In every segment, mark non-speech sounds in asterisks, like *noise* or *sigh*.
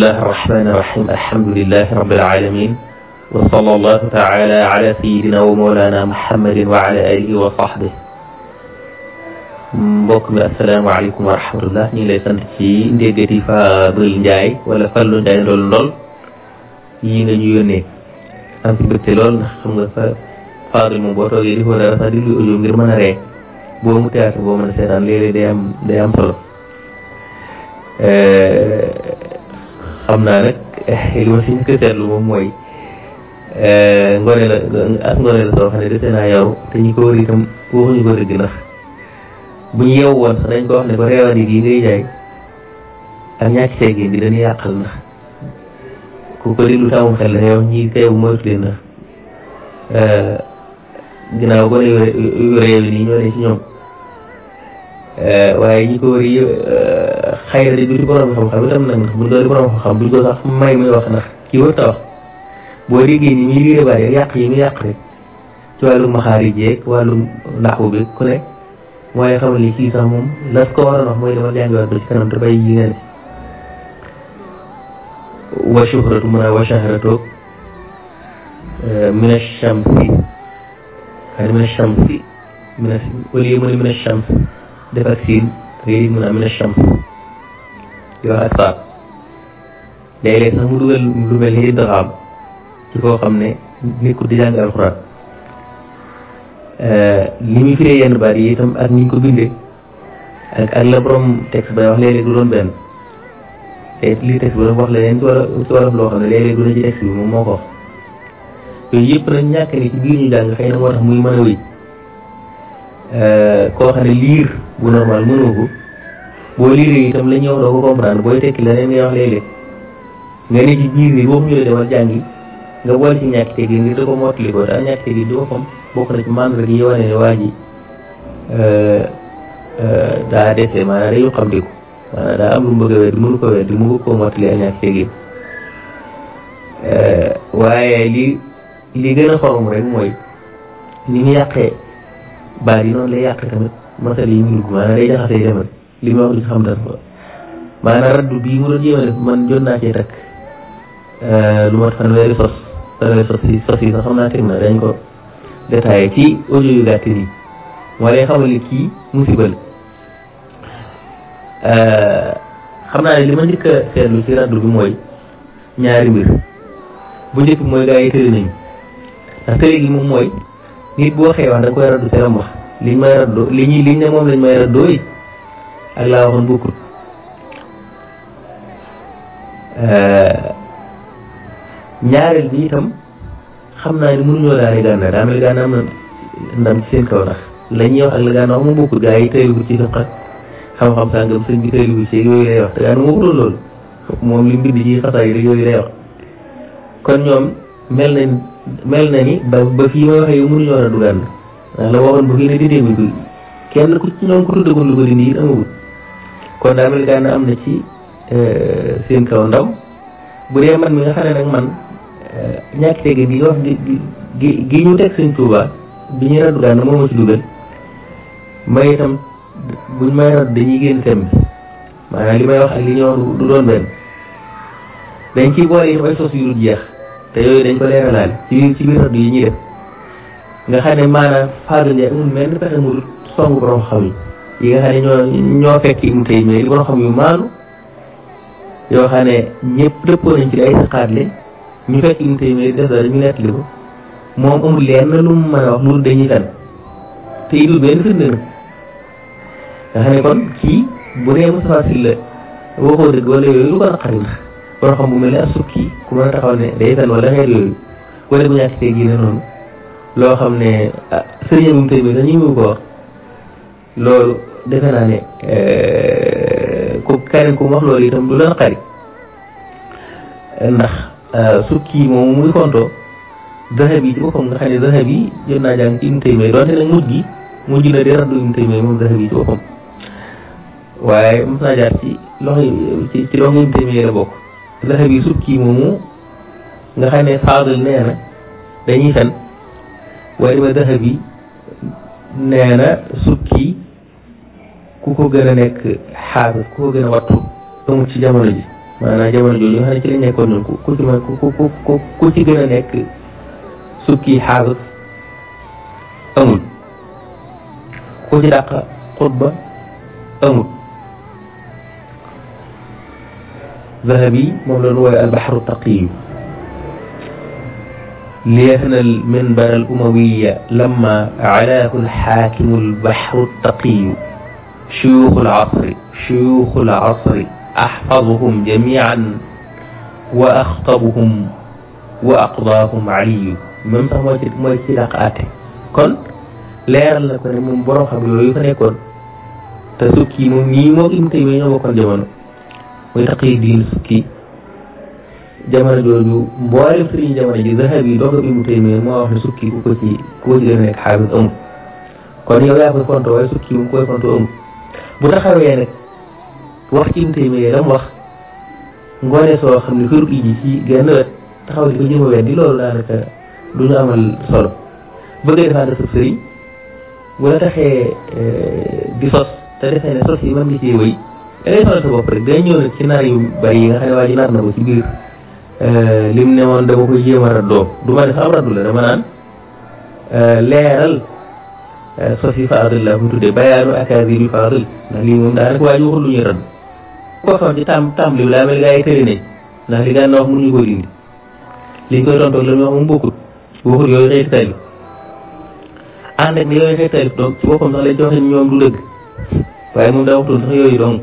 الله الرحمن الرحيم الحمد لله رب العالمين وصلى الله تعالى على سيدنا ومولانا محمد وعلى آله وصحبه بكم السلام عليكم ورحمة الله نيلة في ديجتي فابل جاي ولا فلو جاي لول لول يين يوني أم في بيت لول نخم غفا فاضل مبورو يلي هو لأسا دي لو أجوم غير من ري بو متعات بو من سيران ليلة ديام ديام فلو xam naa nag eh, li ma si a seetlu moom mooy eh, ngoone ak ngoone la soo xam ne dese te ñu ko wër itam waxuñu ko dëgg ndax bu ñu yeewu woon sax dañ ko wax ne ko reewandi gii ngay jaay ak ñàkk teggin bi dañuy yàqal ndax ku ko déglu tamum xel dafa yow ñi teew moytu leen ndax eh, ginnaaw gone yu réew yi nii ñoo ne ci ñoom Euh, waaye ñi ko wër yi euh, xëy na du ci borom xam-xam itam nag bu doon borom xam-xam duñ ko sax may muy wax ndax kii wër ta wax boo déggee ni ñuy liir bari yàq yi mu yàq rek ci wàllum maxaari jeeg wàllum naxu bi ku ne mooy xam ne kii sax moom la ko waroon wax mooy dama jàngiwaat ba ci kanam te bay yi nga ne wa shuhratu mën a wa shahratu euh, min ash-shamsi min ash-shamsi min au lieu mu ne min ash-shams defar siin yooyu mën a am na cham yor asbaab léeg-léeg sax mu dugal lu mel ni idgaam ci xam ne nit ku di jàng alxuraan li euh, muy firee yenn baat yi itam ak ni ñu ko bindee ak ak la borom texte bay wax léeg-léeg du doon benn te li texte bi wax leneen du na ci texte bi moo ko yooyu yëpp nag ñàkk ni ci biir ñu jàng muy mën a wéy Euh, koo xam liir bu normal mënoo ko boo liiree itam la ñuy wax doo ko comprendre booy tekki leneen ngay wax léeg-léeg nga ne ci biir bi boo ko ñëwee demal nga boole ci ñàkk teg ngir da ko mottali ko daal ñàkk teg di ko xam bokk na ci membre yi wane euh, euh, daa dese maanaam dañu xam di ko maanaam daa am lu mu a weddi mënu ko weddi mu bëgg koo mottali ak ñàkk waaye li li gën a xorom rek mooy ni ñu yàqee. baal yi noonu lay yàq tamit masal yi mu dugg maanaam day jaxasee demal li ma wax li xam ko maanaam raddu bii mu doon man jot naa cee takk euh, lu mat fanweeri sos fanweeri sos yi sos yi sax xam naa teg na dañ ko détaillé ci audio musibal euh, xam naa ne li ma njëkk a seetlu ci raddu bi mooy ñaari mbir bu njëkk bi mooy gaa yi tëri nit boo waxee woon da koy raddu teram liñ may raddu li moom lañ may raddoo yi ak laa waxoon bokkut ñaareel bi itam xam naa ni mënuñoo daane gànnaar daa mel gànnaar am na ndam ci seen kaw ndax la ñuy wax ak la gànnaar wax mu bokkut gaa yi tëylugu ci fiqat xam-xam sàngam sëñ bi ci yooyu lay wax te gànnaar moo waxuloon loolu moom li mu bind ci xasaay yi yooyu lay wax kon ñoom mel nañ mel na ni ba ba fii ma waxee yow mënuñu woon a dugal ndax la waxoon ba fii ne dindee buñ ko kenn ku ñoom ku tuddagul lu ko dindi it amagul kon daa mel gaa na am na ci euh, seen kaw ndaw bu dee man mi nga xam ne nag man euh, ñàkk tege gi gi gi ñu teg seen tuuba bi ñu raddu gànn moo ma ci dugal may itam buñ may radd dañuy génn tem bi maanaam li may wax ak li ñuy du doon benn dañ ciy boole itam ay sos yu dul jeex te yooyu dañ ko leeralaale ci biir ci biir rajo yi ñuy def nga xam ne maanaam Fallou Ndiaye mel ni pexe mu dul song borom xam yi yi nga xam ne ñoo fekk ibnu tey mais li borom xam yoo xam ne ñëpp dëppoo nañ ci ñu mu mën wax loolu kon kii bu dee Moustapha la waxoo dëgg wala yooyu lu ko naqari ndax borom xam bu mel ne ak sukki a taxaw ne day fen wala xeet yooyu wala bu ñàkk tey gii ne noonu loo xam ne ah sëriñ moom tey bi mu ko wax loolu defe naa ne eh, ku keneen ku wax loolu itam du la xari ndax ah, sukki moom muy konto dahab yi ci boppam nga xam ne dahab yi jot naa jàng ci Ibnu Taymiyya doonte nag mujj na di raddu Ibnu Taymiyya moom dahab ci boppam waaye mos naa ci loxo ci ci loxo Ibnu Taymiyya laxab yi sukki moomu nga xam ne faadal nee na dañuy fen waaye dama daxab yi nee na sukki ku ko gën a nekk xaafis ku ko gën wattu amul ci jamono ji maanaam jamono jooju nga xam ne ci lañ nekkoon ñun ku ci man ku ku ci gën nekk sukki xaafis amul ku ci dàq xutba amul ذهبي مولى الرواية البحر التقي ليثنى المنبر الأموي لما علاه الحاكم البحر التقي شيوخ العصر شيوخ العصر أحفظهم جميعا وأخطبهم وأقضاهم علي من فهم وجه لقاته كن لير لكن من برخة بلويثنى كن تسكي من ميمو إمتى من يوم كن جمانو muy taqiy diin sukki jamono jooju mboolem sëriñ jamono ji zahab yi doog a Ibnu Taymiya moo wax ne sukki ku ko ci ku ko ci gën a nekk kon yow yaa koy fonto waaye bu taxawee nag wax ci Ibnu Taymiya lam wax ngoone soo xam ne këru iji ci genn wet taxaw ci ko jëma wet di loolu daanaka eh, di sos te defee ne sos yi mën nga cee wëy da ngay sonal sa yu bari yi nga xam na ko ci eh, lim ne woon dama koy jéem a du ma ne la dama naan eh, leeral eh, sofi faadil laa ko tuddee bayaanu akaadiri faadil ndax lii moom daanaka waa ji lu ñuy raddu ko xam tam tam li laa mel gaa yi tëri nañ ndax li gaan na wax ñu wax moom bokkut bokkut yooyu xëy taalif ànd ak ne yooyu xëy taalif donc ci boppam sax lañ ci waxee ñoom du dëgg waaye moom daa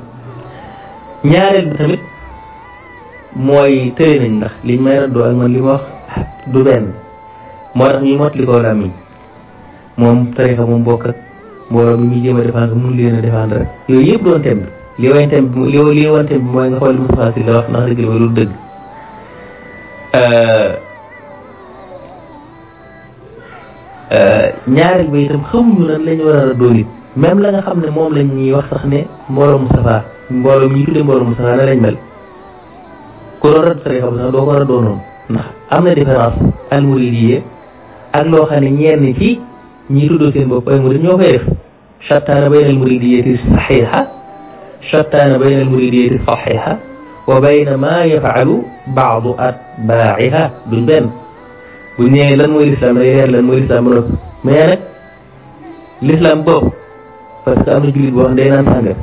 ñaareel bi tamit mooy tëye nañ ndax liñ may raddoo ak man li wax du benn moo tax ñuy mottali koo làmmiñ moom tarixa moom bokk ak mbooloo mi ñuy jéem a défendre mun leen a défendre rek yooyu yëpp doon tem bi mooy nga xool li Moustapha Sy la wax ndax dëgg la dëgg euh, euh, ñaareel bi itam xamuñu lan lañ war a raddoo même la nga xam ne moom lañ ñuy wax sax ne mbooloo Moustapha mbooloo mi ñu tuddee mbooloo Moustapha ne lañ mel ku doon radd tarixa bi sax doo ko war a doonoon ndax am na différence almuridiyee ak loo xam ne ñenn ci ñi tuddoo seen bopp ay murid ñoo koy def shattaana bayna almuridiyati saxiixa shattaana bayna almuridiyati saxiixa wa bayna maa yafaalu baadu atbaa'iha duñ benn bu ñëwee lan mooy lislaam day leer lan mooy parce que am na jullit boo xam ne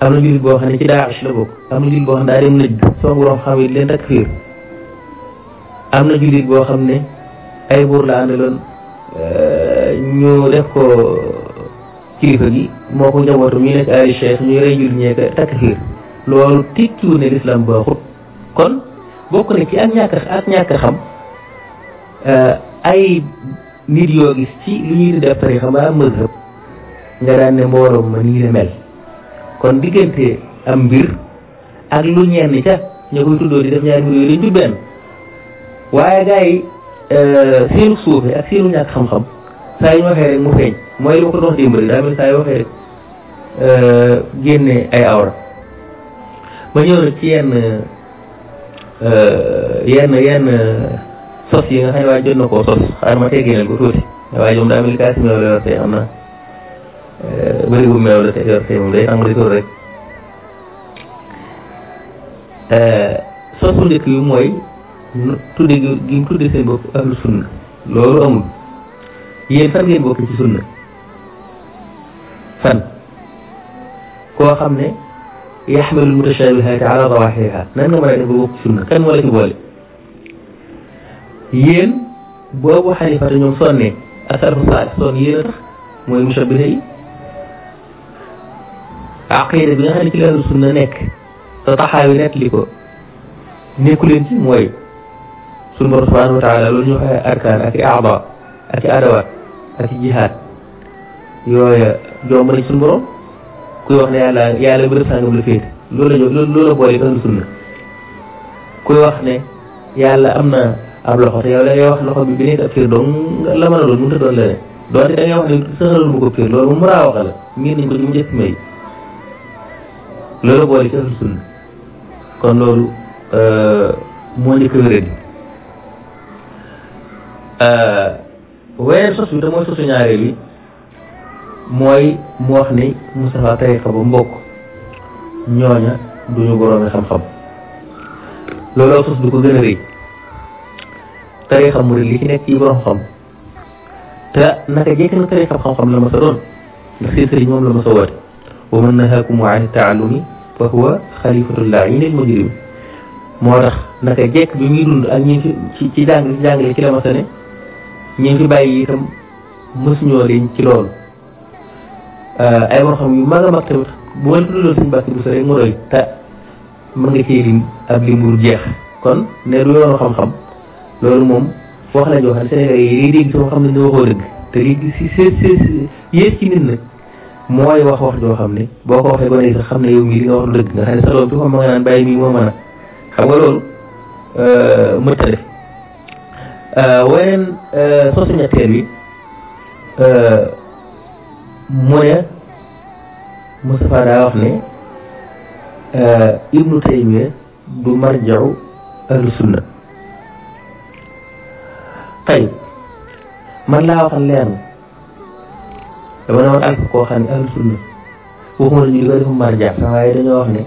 am na jullit boo xam ne ci Daesh la bokk am na jullit boo xam ne daa dem nëj soo borom xam yi leen takfiir am boo ay buur la àndaloon euh, ko gi moo ko njabootu ñu nekk ay ci ak ñàkk ak ñàkk xam euh, ay nit yoo gis ci lu ñuy def tarixa mbaa mazhab nga daan ne mbooloo ma nii la mel kon diggante am mbir ak lu ñenn ca ñu koy tuddoo di def ñaari mbir yooyu dañ du benn waaye gars yi euh, seenu suufe ak seenu ñàkk xam-xam saa yu ñu waxee rek mu feeñ mooy li ma ko dox démb rek daa mel saa yu waxee rek euh, génne ay awra ma ñëw nag ci yenn euh, yenn yenn sos yi nga xam ne waa jot na koo sos xaaral ma teggee leen ko tuuti waaye ñoom daa mel ni kaas mi la yor see xam naa bëri gu meew la te yor tey moom day tàng di tur rek sosu njëkk bi mooy tudde gi gi mu tudde seen bopp ahlu sunna loolu amul yéen fan ngeen bokk ci sunna fan koo xam ne yaxmilu lmutashabihaati ala nan nga mën a def ba bokk ci sunna kan moo la boole yéen boobu xanifata ñoom sonnee asalafu saalih sonn yéen a tax mooy mushabiha yi عقيدة بنا غير كلا رسولنا نك تطاحا بنات لكو نيكو لنتي موي سنة رسولنا وتعالى لنجوها أركان أكي أعضاء أكي أدواء أكي جهاد يويا جوما لي سنة رو كوي وقنا يالا يالا برسان قبل فيت لولا جو لولا لولا بوالي كان رسولنا كوي وقنا يالا أمنا أبلا خطي يالا يالا يالا خطي بنيت أفير دون لما نرون نرون لنا دون تتعيوه لنكسر المكوكير لولا ممراه وقال مين نبني مجد ميت loola boole ci ahlu sunna kon loolu euh, moo njëkk wéradi euh, waaye sos bi te mooy sosu ñaareel bi mooy mu wax ni Moustapha tariqa ba mbokk ñooña duñu boroomi xam-xam looloo sos bi ko gën a rëy tariqa murid li ci nekk ci borom xam te naka jekk na tariqa xam-xam la ma sa doon ndax seen sëriñ moom la ma sa woote wa man nahaakum an taallumi fa huwa xalifatullah ñi nekk Maghrib moo tax naka jekk bi muy dund ak ñi ci ci jàng ci jàngale ci la masa ne ñi fi bàyyi itam mësuñoo leen ci loolu euh, ay waxam yu mag a mag tamit bu ma la tuddaloon suñu bàkk bu sa rek mu doy te mën nga cee lim ab limburu jeex kon ne du yoonu xam-xam loolu moom wax la joo xam ne Sénégal yi day dégg soo xam ne ñu waxoo dëgg te léegi si si si yées ci nit nag mooy wax wax joo xam ne boo ko waxee gone yi sax xam ne yow mii li nga wax dëgg nga xam ne sa doom bi xam ma nga naan bàyyi mii moo mën a xam nga loolu euh, mënut a def euh, weneen euh, soosu ñetteel bi mu ne Moustapha daa wax ne Ibnu Taymiya du marjaw ahlu sunna tey man laa wax leer na dama ne woon ak koo xam ne ahlu sunna waxuma la ñu di ko defum marja waaye dañoo wax ne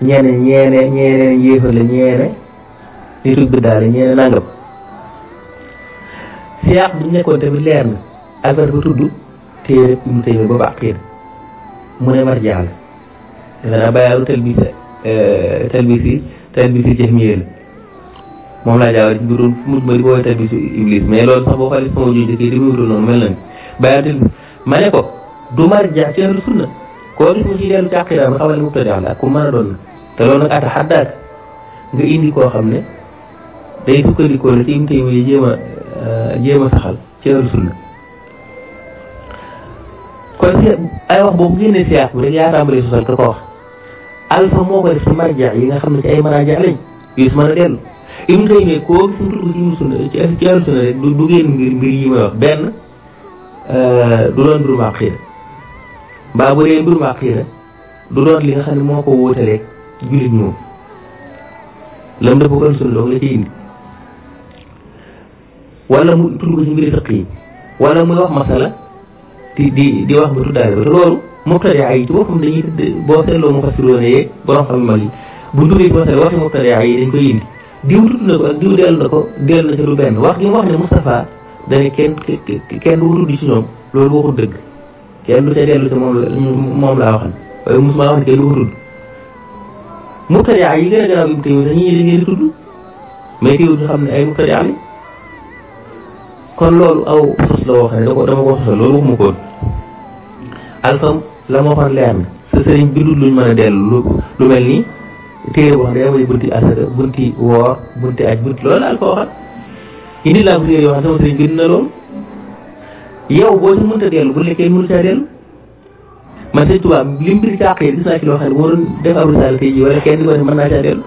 ñeene ñeene ñeene yéefar la ñeene nitu biddaa la ñeene nangam siyaaq bi ñu nekkoon tamit leer na albert ba tudd téere ibnu taymi boobu àqiir mu ne marja la defe naa bayaaru talbis eh, moom laa jaawal ci biiroon ma di ko woowee talbisu iblis mais loolu sax boo xoolee sama jooju kii di muy wutoon noonu mel na ni bayaaru ma ne ko du marja ci ahlu sunna koo gis mu ciy dellu ci aqida ma xamal ne mubtadi la ku mën a doon na te loolu nag ata xaddaak nga indi koo xam ne day sukkandikoo ne ci yi jéem a euh, a saxal ci ahlu sunna kon ay wax boobu génne siyaas bi rek yaa tàmbali ko wax alfa moo ko def ci marja yi nga xam ne ci ay marja lañ yu mën a dellu im tey ne koo gis mu ci ahlu sunna ci ahlu mbir yi wax benn Euh, du doon mbirum àqiida mbaa bu dee du doon li nga xam ne moo ko wóotaleeg jullit ñoom lam dafa ko suñu doog la ci indi wala mu tudd ko ci mbiri fiq yi wala muy wax masala di di di wax ba tuddaale ba te loolu mubtadaa yi ci boppam dañuy boo seetloo mu fasiroone yeeg xam mag yi bu tuddee boo seetloo waxi mubtadaa yi dañ koy indi diw tudd na ko ak diw dellu na ko dellu na ci lu benn wax gi mu wax ne Moustapha dane kenn kenn du tudd ci ñoom loolu waxul dëgg kenn du ca dellu ci moom la moom laa waxal waaye mosuma wax ne kenn du ko tudd mubtadia yi gën xam ne ay mubtadia la kon aw sos la woo xam ne da ko dama ko na sa sëriñ bi dul luñ mën a dellu lu mel nii téere boo xam ne damay bunti asaka bunti woor bunti aj bunti loolu alfa waxal ini laa bëgg yoo xam sama iya, sëriñ bind na loolu yow boo ci mënta dellu bu nekkee mënu caa dellu man sëñ Tuubaa li mbir càq yi gis naa ci loo xam ne waroon def ab risaal tey jii di ko ne mën naa caa dellu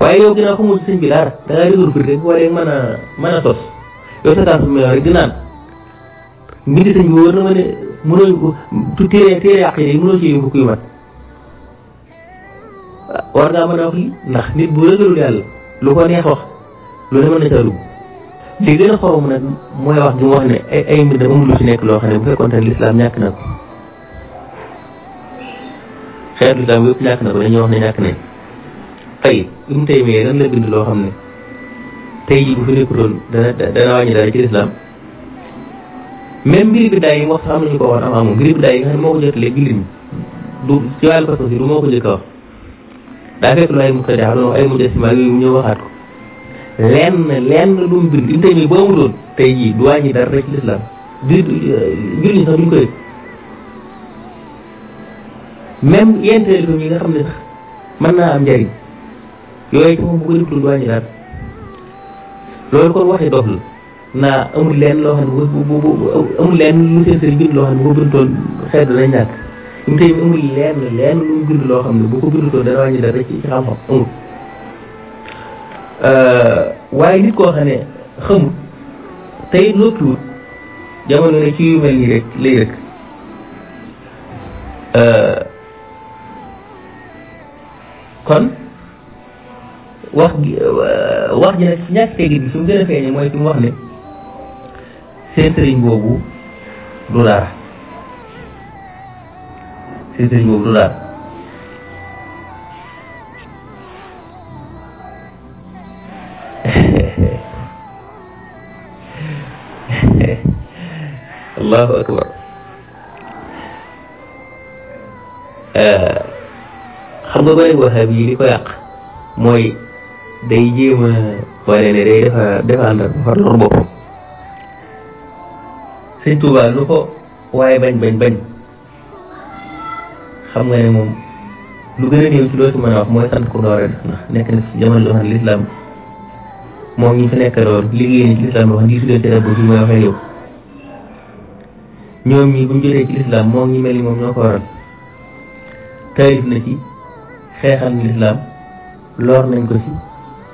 waaye yow ginnaaw mana sëñ bi dara da ngaa déglu bir rek wala mën a mën a tos yow sa tànn mi rek di naan mbindi sëñ bi wóor na ma ne mënoo tu téere téere yàq yi mënoo ci yóbbu kuy mat war ngaa mën a wax ndax nit lu ko neex wax lu lii gën a xorom nag mooy wax ju wax ne ay mbir dafa amul lu ci nekk loo xam ne bu fekkoon te ne lislaam ñàkk na ko xeetu lislaam yëpp ñàkk wax ne ñàkk nañ tey bi mu tey mee lan la bind loo xam ne tey jii bu fi nekkutoon dana dana wàññi dara ci lislaam même mbiri bi daay yi wax am nañu ko waxoon am amoon mbiri bi daay yi nga xam ne moo ko jotale jullit ñi du ci wàllu pas-pas du moo ko jëkk wax daa fekk lu ay muxtadaa doon wax mu ñëw waxaat ko lenn lenn lu mu bind une tamit ba amuloon tey jii du wàññi dara rek ci lislaam biir biir yi nga xam ne sax mën naa am njariñ yooyu ci moom bu ko deful du wàññi dara loolu kon waxi dof la naa amul lenn loo xam ne amul lenn lu seen sëriñ bind loo xam ne bu ko bindoon xeet danañ ñàkk dara ci ci xam-xam amul euh, waaye nit koo xam ne xamut tey noppiwut jamono ne ci yu mel nii rek lay rek euh, kon wax gi euh, wax ji nag ñàkk teggin bi su mu gën a feeñee mooy fi wax ne seen boobu du dara boobu du allahu akbar eh, xam nga bari waxaab yi li ko yàq mooy day jéem a ne day defa défendre dafa lor boppam sëñ Tuubaa lu ko waaye bañ bañ bañ xam nga ne moom lu gën a néew ci mooy sant ku doore def nekk na ci jamono joo lislaam moom ñi fi nekk loolu liggéey ni ci lislaam loo xam ne gisu leen ci dab bi mooy waxee yow ñoom ñi bu ñu jotee ci lislaam moo ngi mel ni moom ñoo ko waral taalif na ci xeexal ñu lislaam lor nañ ko ci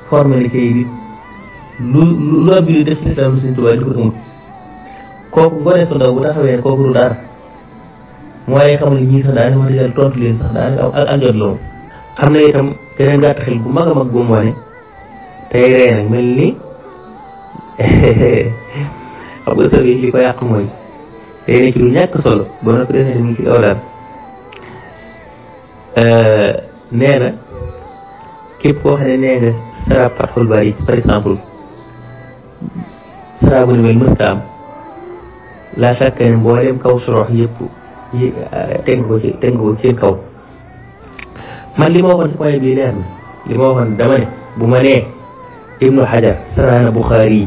formé na ci nit lu lu kooku gone su bu taxawee kooku du dara mooy xamul ñii sax daanaka wax dëgg yàlla tontu leen sax daanaka ak ak jot la woon am na itam beneen gàtt xel bu mag mag bu mu tey rey nag mel ni *laughs* xam nga sëriñ li ko yàq mooy. tey ne ci lu ñàkk solo ba noppi def ne mu na képp koo xam ne nee nga saraab Fathul Bari par exemple saraabu ni mel mësta am laa sàkk ne mboolem kaw sorox yëpp yi teg ko kaw man li ma waxoon si point bii li ma waxoon dama bu ma nee Ibnu Hajar saraana Buxaari yi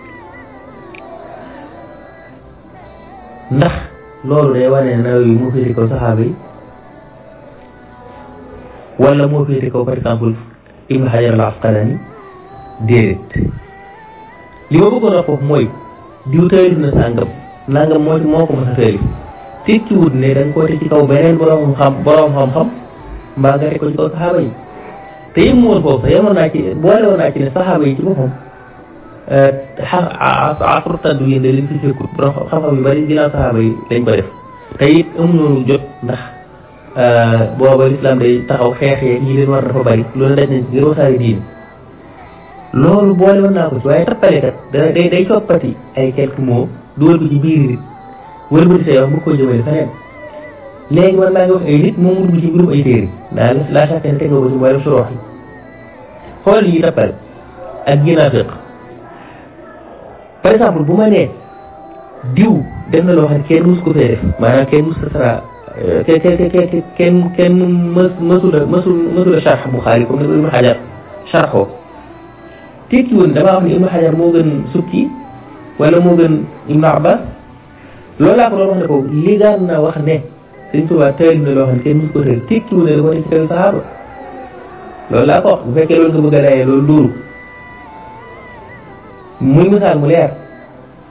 ndax loolu day wane ne nawet yi moo féete kaw saxaaba yi wala moo féete kaw par exemple Ibn Hajar al Asqalani déedéet li ma bëggoon a foofu mooy diw taalif na sàngam nangam moo moo ko mos a taalif tekki wut ne da ko teg ci beneen borom xam xam mbaa nga teg ko ci saxaaba yi te yëngu woon foofu sax ci ne saxaaba yi ci boppam. asru tadwiin de liñ fi bari ginnaaw saxaaba yi lañ ko def te it amuñu jot ndax booba lislaam day taxaw xeex yeeg ñi leen war dafa bari loolu daj nañ si ngir wasaare diin loolu da day day coppati ay quelques mots dugal ko ci biir nit wër bëti say wax ko jëmale feneen léegi man maa ngi wax ay nit moom ci mbirum ay téere laa sàkkee ne teg nga ci mboolem wax yi xool yi tappale ak ginnaaw fekk par exemple bu ma nee diw def na loo xam kenn mus ko fee def maanaam kenn mus sara euh, kenn kenn mës mësul a mësul mësul a charx bu xaali comme ni ko Ibn Hajar charxoo tekki woon damaa wax ne moo gën sukki wala moo gën Ibn Abbas loolu laa ko doon wax ne ko ligaan na wax ne Sëñ Tuubaa taalib kenn mus ko loolu laa ko wax bu fekkee loolu nga bëgg a layee muy misaal mu leer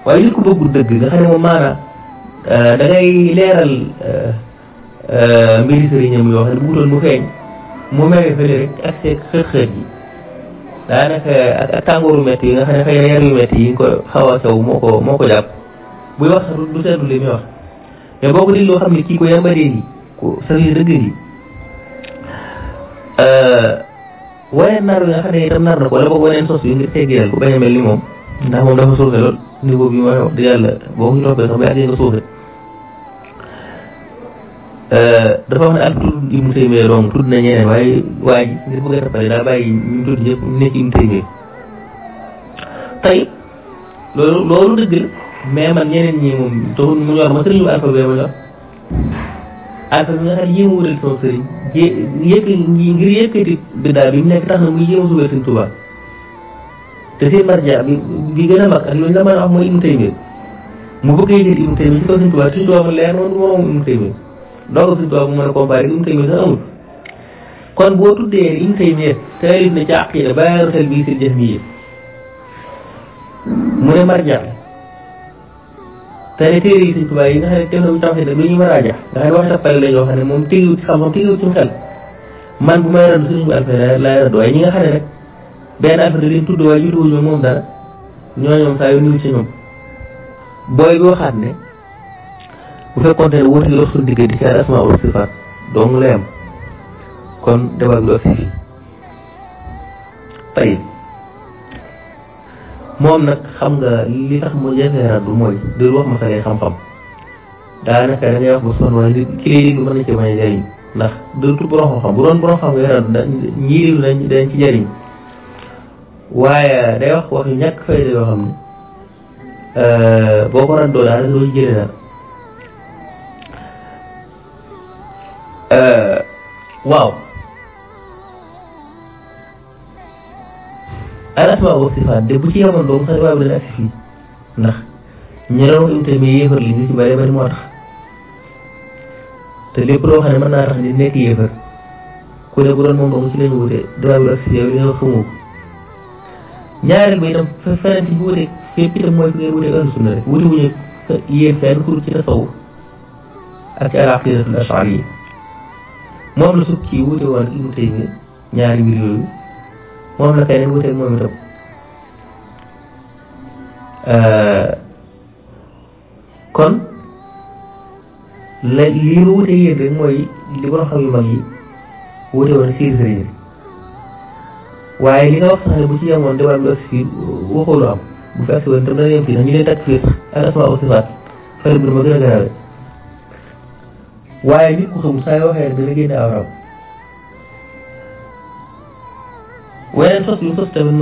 waaye nit ku bëggul dëgg nga xam ne moom maana da ngay leeral mbiri sëriñam yoo xam ne bugutoon mu feeñ mu mere fële rek ak seeg xër-xër yi daanaka ak tàngooru métti yi nga xam ne xëy na yar yu métti yi nga ko xaw a sew moo ko moo ko jàpp buy wax du seetlu li muy wax mais boo ko dégloo xam ne kii ko yambaree yi ku sëriñ dëgg yi waaye nar nga xam ne itam nar na ko la boog waneen sos yi ngir teggeel ku bañ a mel ni moom ndax moom dafa suufe lool niveau bi yàlla boo ko toppee sax ba àggee nga suufe dafa wax ne al tudd Ibnu Taymiya waaye waa ngir bëgg a tappale daa bàyyi ñu tudd ñëpp ñu nekk loolu loolu dëgg la man ñeneen ñi moom taxul mu ñor ma sëriñ bu alpha bee ma ñor alpha bi nga xam ne yéem a wutal sama sëriñ ngir yëkkati biddaa bi mu nekk tax muy yéem a suufe Sëriñ te seen marja bi bi gën a mag ak luñ la mën a mooy Ibnu Taymiya mu bëgg a yëkkati Ibnu ci kaw Sëñ Tuubaa Sëñ Tuubaa mu leer moom du moroom mu mën a comparé Ibnu Taymiya sax amul kon boo tuddee Ibnu Taymiya taalif na ci aqiida baaru sel bii si jëf bii mu ne marja te ne téere yi Sëñ Tuubaa yi nga xam ne teewlu bu tawxid lu ñuy maraaja nga xam ne wax ne moom tégiwut ci xam-xam tégiwut ci xel rek benn affaire lañ tudd waaye jiitu wuñu moom dara ñooñoom saa yu niwul ci ñoom booy bi waxaat ne bu fekkoon ne wóote lox suñu diggante ci al asmaa wa sifaat dong la yem kon débat bi du moom nag xam nga li tax mu jafee raddu mooy dul wax masalay xam-xam daanaka da ngay wax ba sonn waaye li ki lay déglu mën na ci mën a jëriñ ndax dootul borom xam-xam bu doon borom xam nga raddu ñii déglu dañ ci jëriñ waaye day wax waxi ñàkk fayda yoo xam ne euh, boo ko raddoo daal loolu jëlee daal euh, waaw al asmaa wa sifaat de bu ci yemoon doomu sax waaye bu dana agsi fii ndax ñi doon imte mais yéefar li ñu ci bëree bëri moo tax te lépp loo xam ne mën naa tax ni nekk yéefar ku ne bu doon moom doomu ci lañu wute dawaa bi agsi yow li nga wax ñaareel ba itam feneen fi ñu wuteeg fépp itam mooy fi ngeen wuteeg ahlu sunna rek wuti wuñu yéen fenn ku ci tasawuf ak ci alaqidatul ashari yi moom la sukki wute woon ak Ibnu Taymiya ñaari mbir moom la keneen wuteeg moom itam kon la lii ma wuteeg yéen mooy li borom xam yu mag yi wute waaye li nga wax sax ne bu ci yemoon débat bi agsi fii waxoolu am bu fi agsi woon tam dana yem fii ndax ñu leen takk fii sax al asmaa wa sifaat xel bu dama gën a garaawe waaye nit ku saa yoo waxee rek dana génne mu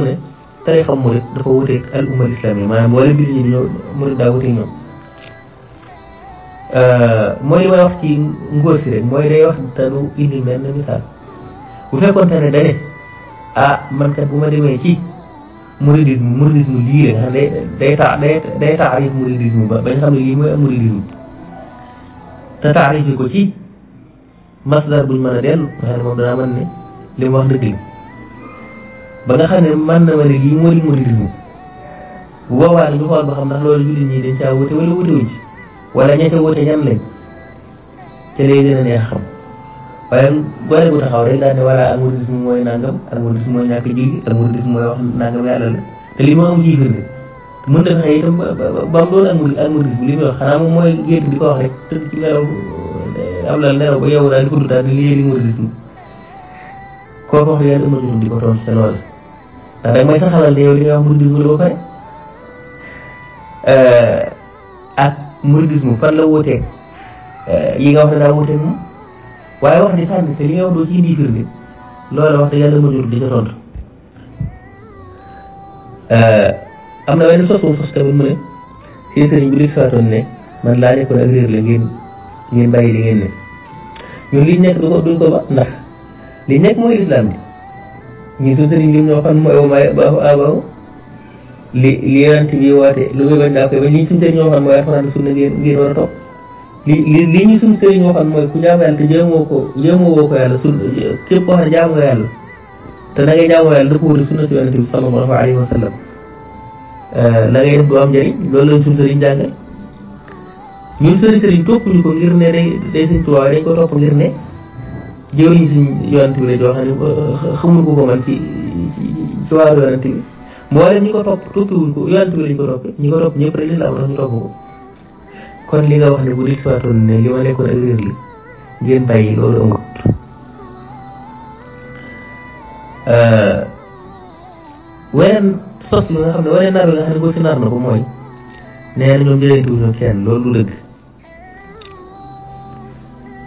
ne dafa wuteeg al umma al islami maanaam wala mbir ñi ñoo murit daa wuteeg ñoom euh, mooy li may wax ci ah man kat bu ma demee ci mu mu lii la day day tax day day taarif mouridisme ba ba ñu xam ne lii mooy mouridisme ta taarif ko ci masdar buñ mën a dellu nga xam ne moom ne wax dëgg la xam ne mën na ma ne lii moo di mouridisme bu boobaa ñu xool ba xam ne loolu jullit ñi dañ caa wute wala wutewuñ ci wala ña ca wute ñan lañ ca lay gën a neex xam. waaye boole bu taxaw rek daal ak mouridisme mooy nangam ak mouridisme mooy ñàkk julli ak mouridisme mooy nangam yàlla la te li moo am ci firnde mu doon ak murid ak mouridisme mooy gént di ko wax la nelaw di ba pare eh, ak mouridisme fan la wuutee eh, yi nga wax ne daa wuutee waaye wax ni tànn te li nga wax doo ci indi firnde loola wax dëgg yàlla mënul di ko tontu euh, am na benn sos bu sos tamit mu ne seen sëriñ bi di faatoon ne man laa nekkoon ak réer la ngeen ngeen bàyyi li ngeen ne ñun liñ nekk du ko duñ mooy baaxu abaaw li li yonent bi woote lu muy bañ daa koy ba ñun suñu sëriñ ñoo xam mooy alxuraan sunna ngeen ngeen war topp li li li ñu suñu sëriñ waxoon mooy ku jaamu yàlla te jaamoo ko jaamoo woo ko yàlla su képp koo xam ne jaamoo yàlla te da ngay jaamoo yàlla dafa wute sunna si yonent bi sallallahu alayhi wa sallam euh, la ngay def doo am njëriñ loolu la suñu sëriñ jàngal ñun sëriñ sëriñ toppuñu ko ngir ne day day suñ tubaab dañ ko topp ngir ne jëwriñ suñ yonent bi la joo xam ne xamul ko ko man ci ci wàllu yonent bi mboolem ñi ko topp toppiwuñ ko yonent bi lañ ko topp ñi ko topp ñëpp rek lislaam tax ñu topp ko kon li wax ne bu di faatoon ne li ma nekkoon ak wér li ngeen bàyyi loolu amut euh, weneen sos bi nga xam ne weneen nar bi nga xam ne ko fi nar na ko mooy nee na ñoom jëleentiwuñu kenn loolu du dëgg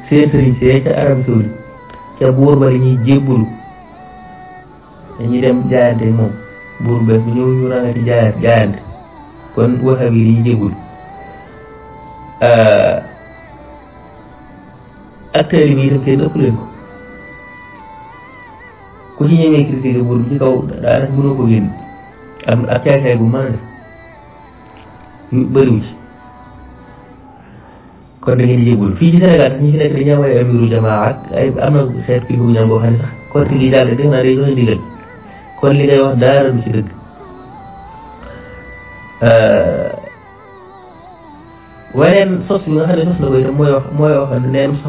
seen sëriñ ca Arabie Saoudite ca buur ba dañuy jébbulu dañuy dem jaayante moom buur ba ñëw ñu Euh, acteurs yi nii itam kenn ëpp leen ko ku ci ñemee critiquer buur kaw daanaka mënoo ko ak caay-caay bu mën a def bëriwu ci kon da ngeen jégul fii ci Sénégal sax ñi fi nekk dañuy am amiru jamaa ak ay am na xeet kii bu ñam boo kon ci lii daal de def naa day joxe ndigal kon li ngay wax daara du ci dëgg euh, waneen sos bi nga xam mooy wax wax neen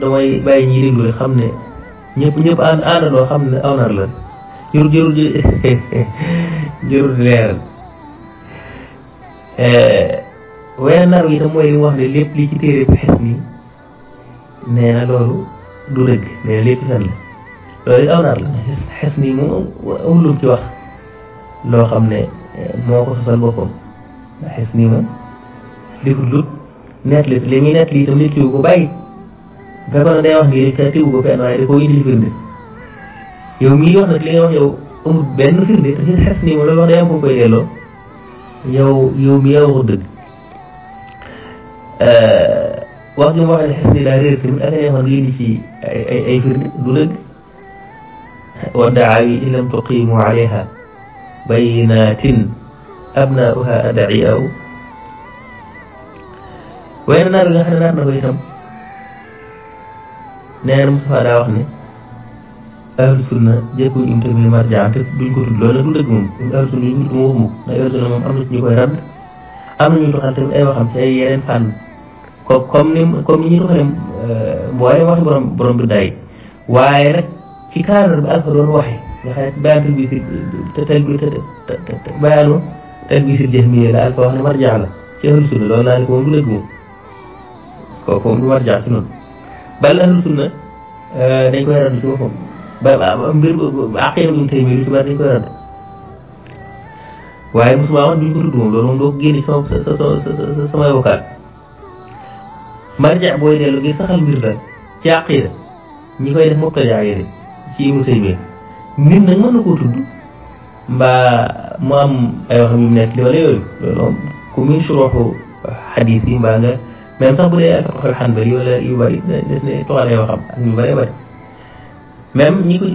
damay bàyyi xam ne xam ne aw naar la jërul jërul *laughs* eh, wax lépp li ci téere bi xes nii nee na du dëgg nee lépp fen la yooyu aw naar la xes nii moom amul lu ci wax loo xam ne moo ko sosal boppam xes nii moom defut lu nett li li ñuy nett li itam nit ko bàyyi fekkoon day wax nii te tiwu ko fenn waaye da koo indi firnde yow mii wax nag li nga wax yow amul benn firnde te ci xes nii moom loolu wax day am ko koy delloo yow yow mii yaa waxut dëgg wax ju ma waxee xes nii daa réer tamit ak ay waxoon lii di ci ay ay firnde du dëgg والدعاوي إن لم تقيموا عليها بينات أبناؤها أدعياء waaye naar bi nga xam ne naar na ko itam nee na Moustapha wax ne ahlu sunna jékku ñu tamit marjaan te duñ ko tudd loolu nag du dëgg moom ahlu sunna ñu mu wax moom ndax ahlu sunna moom am na ci ñu koy ràdd am na ñu toxal tamit ay waxam ci ay yeneen fànn comme comme ni comme ni ñu toxalee euh, mbooleem waxi borom borom bi day waaye nag ci cadre bi Alpha doon waxee nga xam ne bayaanu tëgg si te tëgg te bayaanu tëgg si jëf mi la Alpha wax ne marjaa la ci ahlu sunna loolu naa ne ko moom du dëgg moom marjaa ci bal ahlu sunna euh, dañ koy rand ci boppam ba ah, mbir aqiida bu tey lu ci bari dañ wax duñ ko tudd moom loolu moom doo ko génne saxal mbir la ci aqiida ñi koy def mubtadaa yi ci Ibnu Taymiya nit nag mën na koo tudd mbaa mu am ay wax yu nekk li wala yooyu loolu moom ku muy suruxu xadis yi mbaa nga même sax bu dee ak xol xanbali wala yu bëri des na toxal ay waxam ak ñu bëree bëri même ñi ko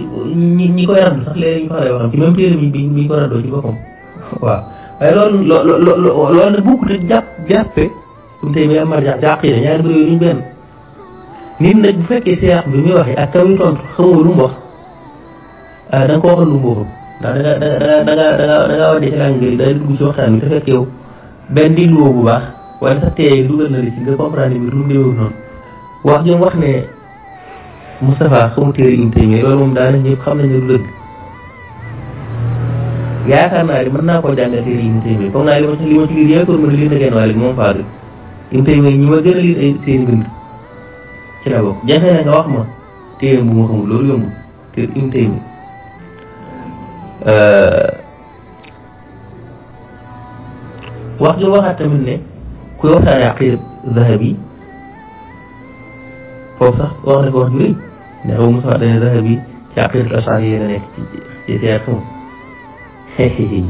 ñi ñi koy raddu sax léeg-léeg ñu toxal ay waxam ci même téere bi bi ñu ko raddoo ci boppam waaw waaye loolu loo loo loolu nag bokkut ak jàpp jàppe um tey mi am marja ci àq yi ñaari mbir yooyu ñu benn nit nag bu fekkee si yàq bi muy waxee ak kaw yu tontu xamoo lu mu wax da nga ko waxal lu wóor ndax da nga da nga da nga da nga war a dese ngaa ngir day dugg ci waxtaan bi te fekk yow benn di lu bu baax waaye sax tey dugal na la ci nga comprendre bi lu mu déwéw noonu wax jom wax ne Moustapha xamu téere Ibn Taymiyya loolu moom daanaka ñëpp xam nañ ne du dëgg yaakaar naa ne mën naa koo jàngal téere Ibn Taymiyya comme naa li ma li ma ci liir yaakaar ma ne lii na genn wàll moom faa gën Ibn Taymiyya ñi ma gën a liir ay seen mbind ci la bokk jafe na nga wax ma téere bu ma xamul loolu yombul téere Ibn Taymiyya Euh, wax ju waxaat tamit ne kuy waxtaane aqiida zahabi foofu sax wax na ko wax ju ndax boobu mos a dana zahabi ci aqiida ashari yi la nekk ci ci xamul *laughs*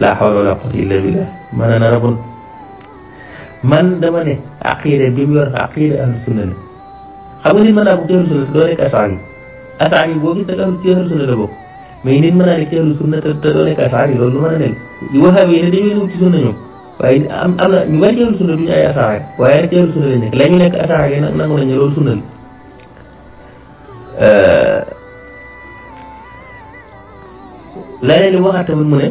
laa wala quwwata illa billah mën na nar a bon man dama ne aqiida bi mu yor aqiida ahlu sunna la xam nga nit mën naa bokk ci ahlu sunna doo nekk ashari ashari boo gis nag ahlu ci ahlu sunna la bokk mais nit mën naa nekk ci ahlu sunna te te doo nekk asaar yi loolu lu mën a nekk waxaab yi ne dañuy dugg ci sunna ñoom waaye am am na ñu bari ci ahlu sunna duñu ay asaar waaye nag ci ahlu sunna lañ nekk la ñu nekk asaar yi nag nangu nañu loolu sunna li la leen di waxaat tamit mu ne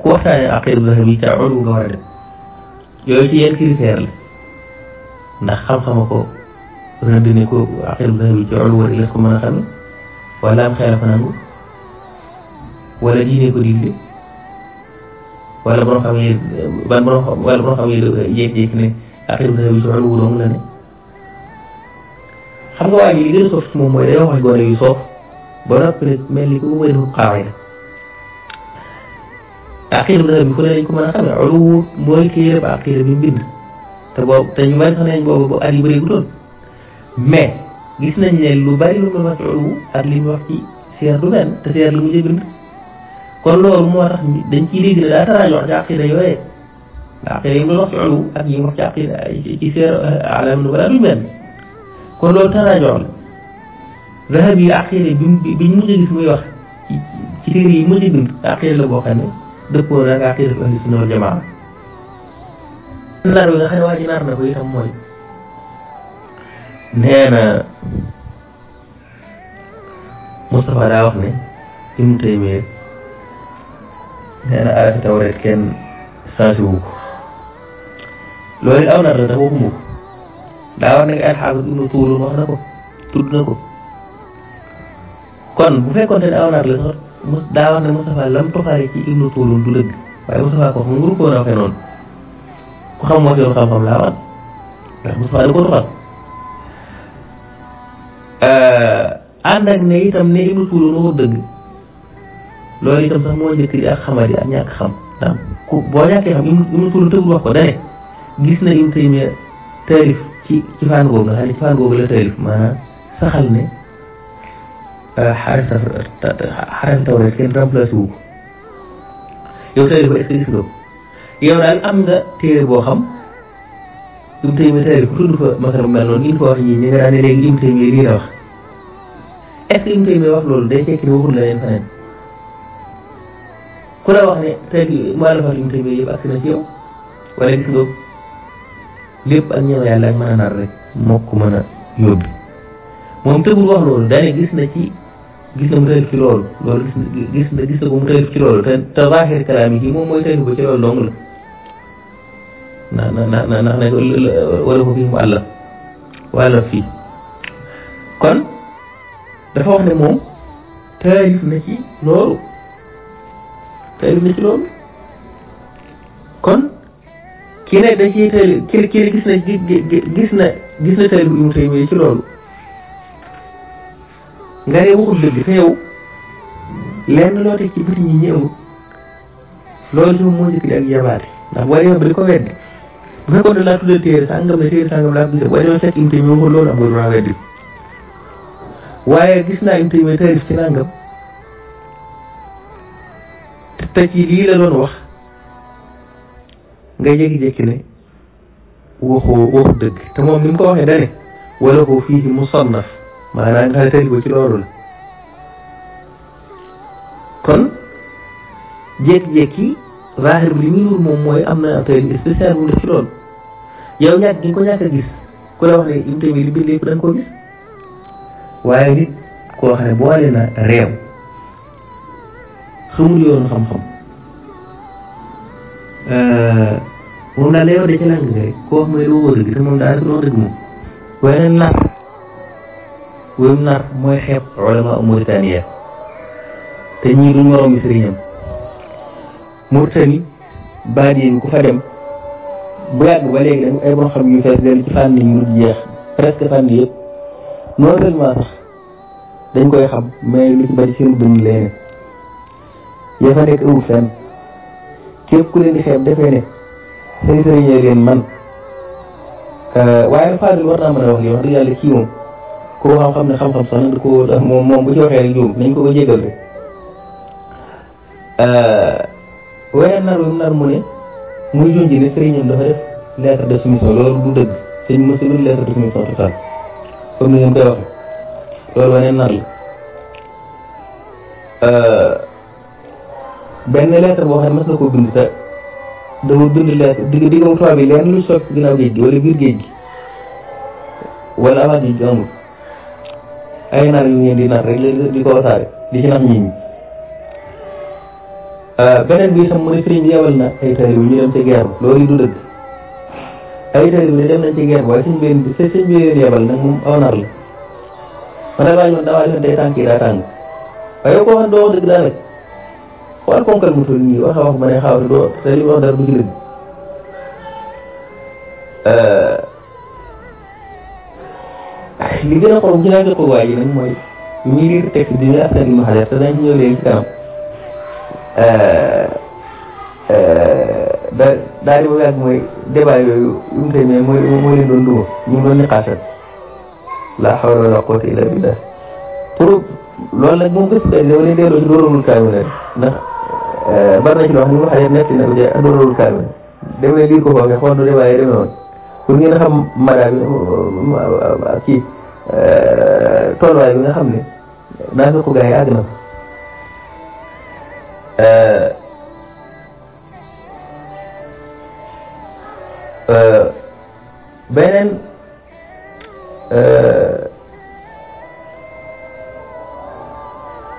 ku waxtaanee ak xëy na bi ca olu nga war a def yooyu ci yenn critère la. ndax xam-xama ko rëdd ne ko xel bu ci oluwar la ko a xame wala am xel fa nangu wala diine ko digle wala borom xam yi ban borom xam wala borom xam yi jékki-jékki ne xel bu sax bi ci oluwar dong la ne xam nga waa ji li gën a soof moom mooy day wax gone yu soof ba noppi rek mel ni ko mu def xaawaay la aqir bi fu ne lañ ko mën a xamee olu mooy téere ba aqir bi mbind te boobu te ñu bari sax nañ boobu boobu gis nañ lu bari lu mu wax ci ak li mu wax ci seer du benn te seer lu mu bind kon loolu moo tax dañ ciy dégg ne daa taraaj wax ci aqida yooyee aqida yi mu wax ci ulu ak yi mu wax ci yi aqida bi biñ mujj gis la boo xam ak aqida ahlu sunna jamaa nar bi nga xam ne waa na ko itam mooy nee na Moustapha daa wax ne Ibnu Taymiya nee na arafi tawreet kenn sansi wu ko loolu aw nar la tax waxumu ko daa ko tudd na ko kon bu fekkoonte ne aw nar la sax daa wax ne Moustapha lam toxaare ci Ibnu ko xam nga ko ku xam moo yor xam-xam laa wan ndax Moustapha da ko doxal euh, ànd ak ne itam ne Ibnu Tulun waxul dëgg loolu itam sax moo njëkk di ak xamadi ak ñàkk xam ndax ku boo ñàkkee xam Ibnu Tulun tëgul wax ko dane gis na Ibnu Taymiya taalif ci ci fànn googu nga ci fànn googu la taalif maanaam saxal ne xaaral sa xaaral kenn remplacé wu ko taalif ba est-ce yow daal am nga téere boo xam Ibnu Taymiya téere ku tudd fa masal bu mel noonu il faut wax ñii ñu nga la wax loolu day fekk ne waxul la leen feneen ku la wax ne tey mu'allafatu na ci yow wala gis nga lépp ak ñëw yàlla ak mën a nar rek moo ko mën a yóbbu moom wax loolu daanaka gis na ci gis na mu tënk ci loolu loolu gis na gis na ko moom mooy tënk ko ci loolu dong la. na na na na wala ko fii mu àllaf wala fii kon dafa wax ne moom taalif na ci loolu taalif na ci loolu kon ki ne da ciy taalif ki ki gis na gis na gis na taalif Ibnu Taymiyya ci loolu nga ne waxul dëgg te yow lenn loo teg ci biti ñi ñi ci moom moo njëkk ak yabaate ndax boo demee ba di bu fekkoon ne laa tuddee téere sàngam ne téere sàngam laa tuddee waaye dama fekk Ibn Taymiyya waaye gis naa Ibn Taymiyya taarif ci nangam te tey ci lii la doon wax nga jékki-jékki ne waxoo waxu dëgg te moom ni ko waxee dane wala ko fii ci musannaf maanaam nga xam ne tari kon jékki-jékki zahir bi li muy nuur moom mooy am na atelier spécial mu def ci loolu yow ñàkk gi ko ñàkk a gis ku la wax ne Ibnu Taymiya li biir lépp da nga ko gis waaye nit koo xam ne boole na réew xamul yoonu xam-xam euh, moom daal lay wax ci làng nga rek koo xam ne doo dëgg te moom daal doo dëgg moom waaye nag nar wéyum nar mooy xeeb ulama Mauritanie te ñii duñ moroom bi sëriñam Mauritanie baadiin ku fa dem bu yàgg ba léegi dañu ay bon xam yu fees dañ ko xam mais lu ci bari seen dund leen ya fa nekk ëwul fenn képp ku man euh, waaye Fadil war naa mën a wax ko moom bu ci waxee rek juum nañ ko ko jégal waaye nar nar mu ne muy junj ne sëriñam dafa def lettre de soumission loolu du dëgg sëñ mësulul lettre de soumission totale comme ni ngeen koy waxee loolu waneen nar la euh, benn lettre boo xam ne mas na koo bind lettre digg diggamu tubaab yi lu soppi ginnaaw géej gi wala biir géej gi wala avant géej gi amul ay nar yu di nar rek di ko wasaare di ci nax ñi Euh, beneen bi itam mu ne sëriñ na ay taalibe ñu dem ci guerre loolu du dëgg ay taalibe dem nañ ci guerre waaye bi sëñ bi leen yebal nag moom aw la man daal man daawaa day tànk yi daa tàng waaye doo wax dëgg daal rek xool ponkal mu toll wax a wax ma xaaw doo te li mu wax dara du ci dëgg euh, li gën a xorom ci laaj ko waa ji nag mooy ñi liir texte bi ñu askan wi ma xale te dañ ñëw léegi ci kanam. da euh, euh, euh, daa di ba yàgg mooy débat yooyu yu mu demee mooy mooy leen doon duma ñu doon niqaasal laa hawla wala quwwata illa billah pour loolu nag moom gëstu dañ leen delloo ci dóoralul kaayu ne ndax bari na ci loo xam ne mu xool nu débat yi demee woon pour ngeen xam mara bi kii tolluwaay nga xam ni naa ko gaa yi ko E, beneen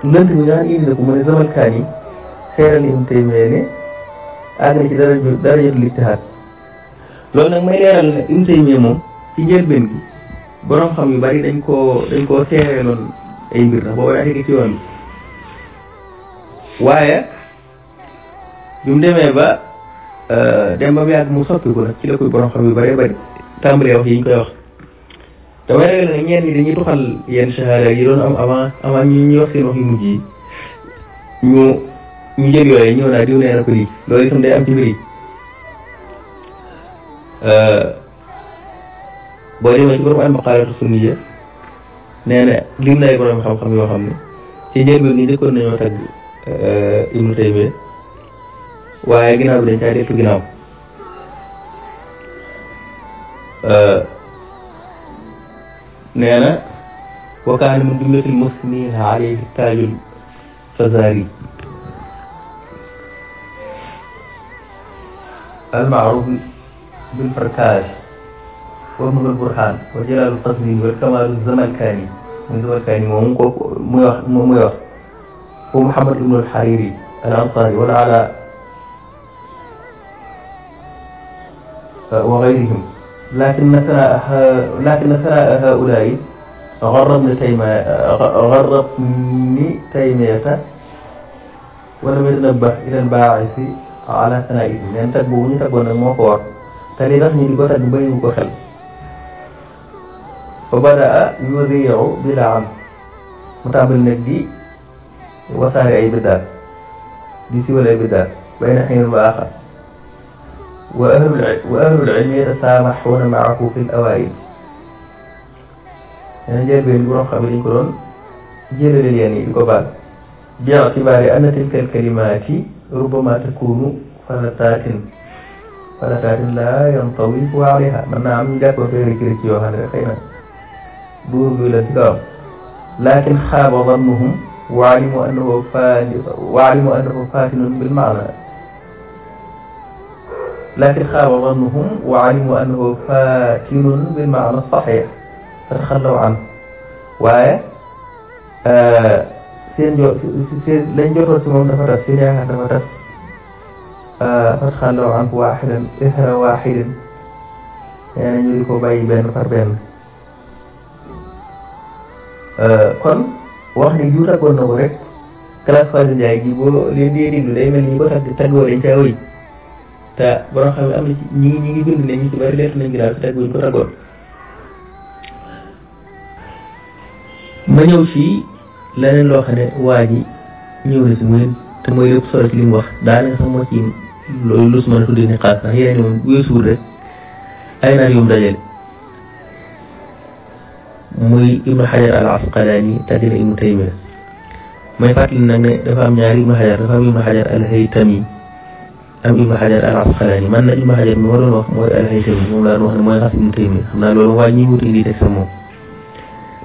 lënt e, bi nga xam ne indi na ko mu ne zamalkaan yi seeral yi mu na ci dara dara jot lijtihaad nag may leeral ne Ibnu Taymiya moom ci njëlbéen gi borom xam yu bari dañ koo dañ koo seere loon ay mbir ndax booba daa nekk waaye bi mu demee ba euh, dem ba mu yàgg mu soppiku nag ci la koy borom xam yu bëree bëri tàmbalee wax yi koy wax damay ragal nag ñeen ñi dañuy tuxal yenn shahada yi doon am avant avant ñu ñuy wax seen wax yu mujj yi ñu ñu jël yooyu ñëw naa diw nee na ko lii loolu itam day am ci mbir yi euh, boo demee ci borom al-maqaalaatu sunniya nee na lim nay borom xam-xam yoo xam ne ci njëlbeen ni njëkkoon nañoo tagg Euh, ibnu taymiya waaye ginnaaw bi dañ caa deltu ginnaaw euh, nee na wa kaana min jumlatil musnina alayhi taajul fazaari almaaruf bil farkaaj wa nurul burhaan wa jalaalul qasmi wal kamaalul zamalkaani muy zamalkaani moom kooku muy wax muy wax ومحمد بن الحريري الأنصاري والعلاء وغيرهم لكن ثناء لكن ثناء هؤلاء غر ابن تيمية غر ابن تيمية ولم يتنبه إلى الباعث على ثنائهم لأن تبوني تكون الموقوع تاني نحن يقول تدبين وكخل فبدأ يذيع بلا عم متعب النجدي وصار أي بدار دي سوى أي بدار بين حين وآخر وأهل العلم يتسامحون معه في الأوائل يعني جاي بين قرون خبرين قرون جيل لليني القبال باعتبار أن تلك الكلمات ربما تكون فلتات فلتات لا ينطوي عليها من نعم جاك وفي ركريكي وهذا خيما بوردو لكن خاب ظنهم وعلموا أنه فاسق فاتن بالمعنى لكن خاب ظنهم وعلموا أنه فاتن بالمعنى الصحيح فتخلوا عنه و سين جو سين لين جو تو سمون دفتر سين يانغ دفتر فتخلوا عنه واحدا إثر واحدا يعني نجو لكو باي بين فر بين كون wax ni jiw taggoon na ko rek classe Fallou Ndiaye boo leen dee déglu day ko xam ne taggoo lañ caa wëy ma ñëw fii leneen ne waa ji ñëw na si muy te mooy yëpp solo ci li mu wax daanaka sax moo loolu lu su mën a tuddee ni xaas sax yeneen suur rek ay naan yu mu موي ابن حجر العسقلاني تدير ابن تيمية ما يفات لنا دفع ميعري ابن حجر دفع ابن حجر الهيتمي أم ابن حجر العسقلاني ما أن ابن حجر مولا نوح مولا الهيتمي مولا نوح مولا خاص ابن تيمية ما نا لولا واجي موتي دي تكسمو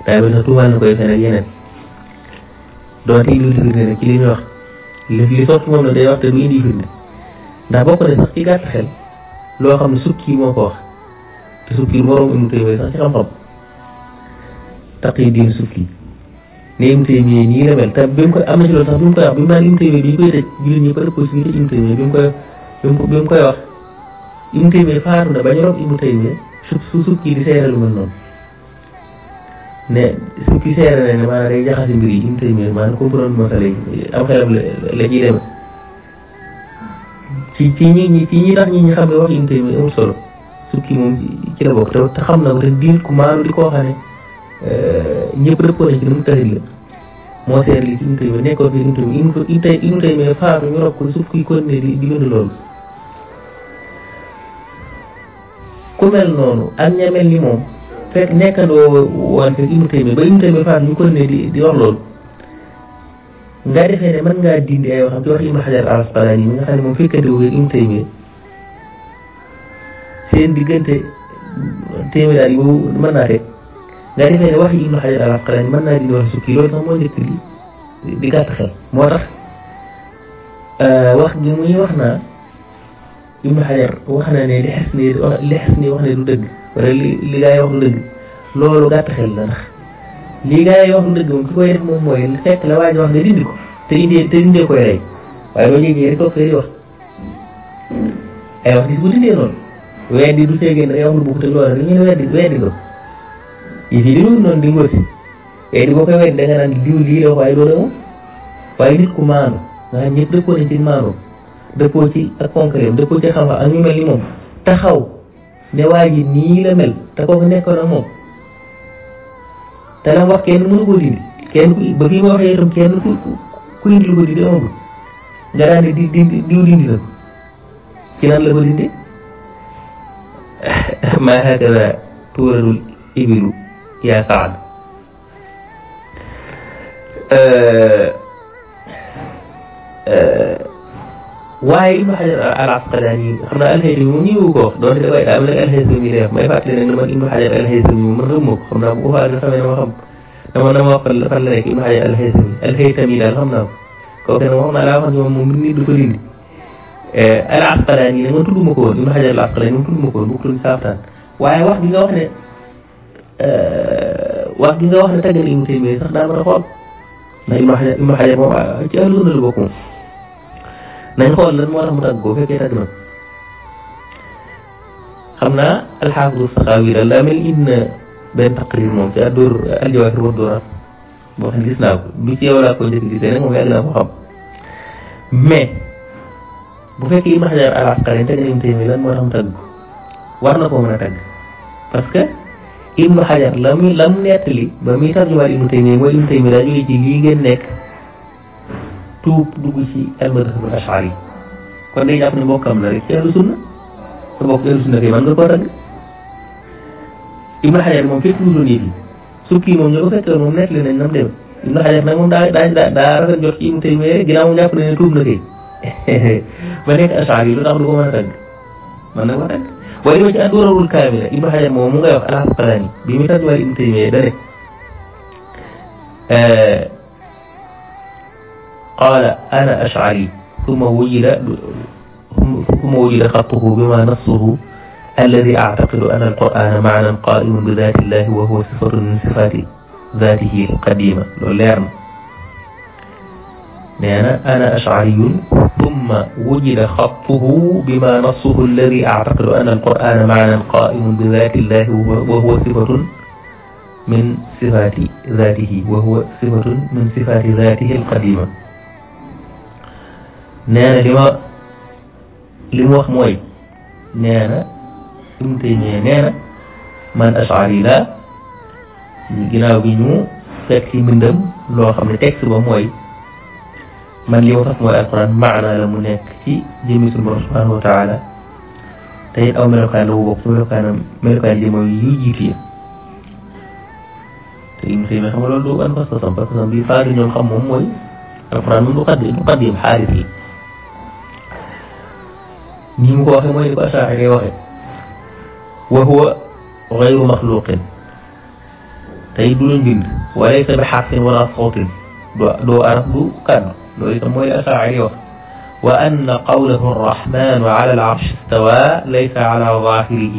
تابع نتوها نكو يفعنا جينات دوانتي لولي سيدنا كيلي نوح لولي صوت مولا دي وقت مين دي فينا دا بوكو دي سخي كات لو أخم سوكي موكوخ تسوكي مورو ابن تيمية سخي taqi diin sukki ne Ibnu Taymiyya nii la mel te bi mu am na ci loolu sax bi mu koy wax bi mu naan Ibnu koy tëj mu koy bi mu koy wax Ibnu na ba ñu rob Ibnu Taymiyya su sukki di seere lu mel ne sukki seere na ne maanaam day jaxase mbir yi Ibnu Taymiyya maanaam comprendre ma sa lay am xelam la ciy demee ci ci ñi ci ñi tax ñi ñu xam ne wax Ibnu Taymiyya amul solo sukki moom ci bokk te xam na ko di ko waxane Euh, ñëpp dëppoo nañ ci nu moo seer li ci ñu di loolu. ku noonu ak ña ni moom fekk nekkandoo woon fekk Ibnu Taymiya ba Ibnu Taymiya faatu ñu continuer di di wax loolu. nga defee ne mën ngaa dindi ay waxam ci wax Ibnu Hajar al-Asqalaani mi nga xam ne moom fekkante wu Ibnu Taymiya daal yi mën naa fekk. nga defee ne waxi Ibnu Hajar al Asqalani mën naa dindi wax loolu sax moo njëkk moo tax euh, wax gi muy wax naa Ibnu Hajar wax na ne li xes ni li xes ni wax ne du dëgg wala li gaa yi wax du dëgg loolu gàtt xel la ndax li gaa yi wax du dëgg moom ki koy def moom mooy fekk la waa wax nga dindi te indee te indee wax ay wax gis bu dindee noonu weddi yow nga weddi weddi yi fi diloolu noonu di wëti yooyu di ko koy waaye loolu moom waaye nit ku maanu nga xam ñëpp dëppoo nañ ci maanoom ci ak concret dëppoo ci xam-xam ak ñu mel ni moom taxaw ne waa ji nii la mel te kooku nekkoon ak moom te la wax kenn mënu ko dindi kenn ku ba fii ma waxee itam kenn ku ku indi lu ko dindi amagul nga daan di diw dindi la ci lan la ko dindi *laughs* maa hakaza tuuradul ibilu يا سعد أه، أه، واي ما حد على عقلاني خلا أنه يزوني وقف دون دواء أمل أنه يزوني ليه ما يبقى لنا نمك إنه حد أنه يزوني من رمك خلنا بوها نسمي نمهم نما نما قل قل لك إنه حد أنه يزوني ألهي تميل ألهمنا كوكي نمهم على عقلاني ومؤمني دخلين على أه، عقلاني نمو تلو مكور إنه حد على عقلاني نمو تلو مكور بكل مسافتان واي واحد إذا واحد Euh, wax gi nga wax ne tàggal Ibnu Taymiyya sax daa mën a xool moom ah, ci ahlu sunna la bokk moom nañ xool lan moo tax mu fekkee tàgg na xam naa alxaafidu saxaawi daal daa mel benn taqrir moom ci àddur aljawaahir wa dooraat boo xam gis naa ko ci yow laa ko njëkk gisee nag ko xam mais bu lan moo tax mu war na koo mën a tàgg parce que ibnu xajar la muy la mu nettali ba muy tarjumaal ibnu mooy ibnu taymiya daa jóge ci lii ngeen nekk tuub dugg ci almadhabu ashari kon day jàpp ne mbokkam la rek ci ahlu sunna sa bokk moom fépp wutoon yi moom ñoo ko fekkoon moom nettali nañ nam xajar nag moom daa daa daa rafet jot ci ibnu taymiya rek moom jàpp ne tuub na kay *laughs* ba nekk ashari lu tax du ko mën a ragg mën na ko ragg waye dama ci adoraul kamila ibn hajar mom mu ngay wax alaf qalani قال انا اشعري ثم وجد ثم وجد خطه بما نصه الذي اعتقد ان القران معنى قائم بذات الله وهو صفر من صفات ذاته القديمه لولا انا انا اشعري ثم وجد خطه بما نصه الذي أعتقد أن القرآن معنى قائم بذات الله وهو صفة من صفات ذاته وهو صفة من صفات ذاته القديمة نانا لما لما موي نانا neena نانا من neena man ashari la ginaaw gi ñu fekk ci mbindam loo man li ma fas mooy alquran maanaa la mu nekk ci jëmmi sunu borom subhanahu wa taala te it aw melokaan la wu bokk ci melokaanam melokaan li mooy yu jiitu yi te Ibnu Taymiya xam nga loolu du an pas-pasam pas-pasam bi faatu ñoom xam moom mooy alquran moom du xaddi du xaddi xaalis yi ni mu ko waxee mooy li ko asaaxi ngay waxee wa huwa gayru maxluqin tey du la bind walaysa bi xarfin wala sawtin doo araf du kàddu لويتم ويأفعيه وأن قوله الرحمن على العرش استوى ليس على ظاهره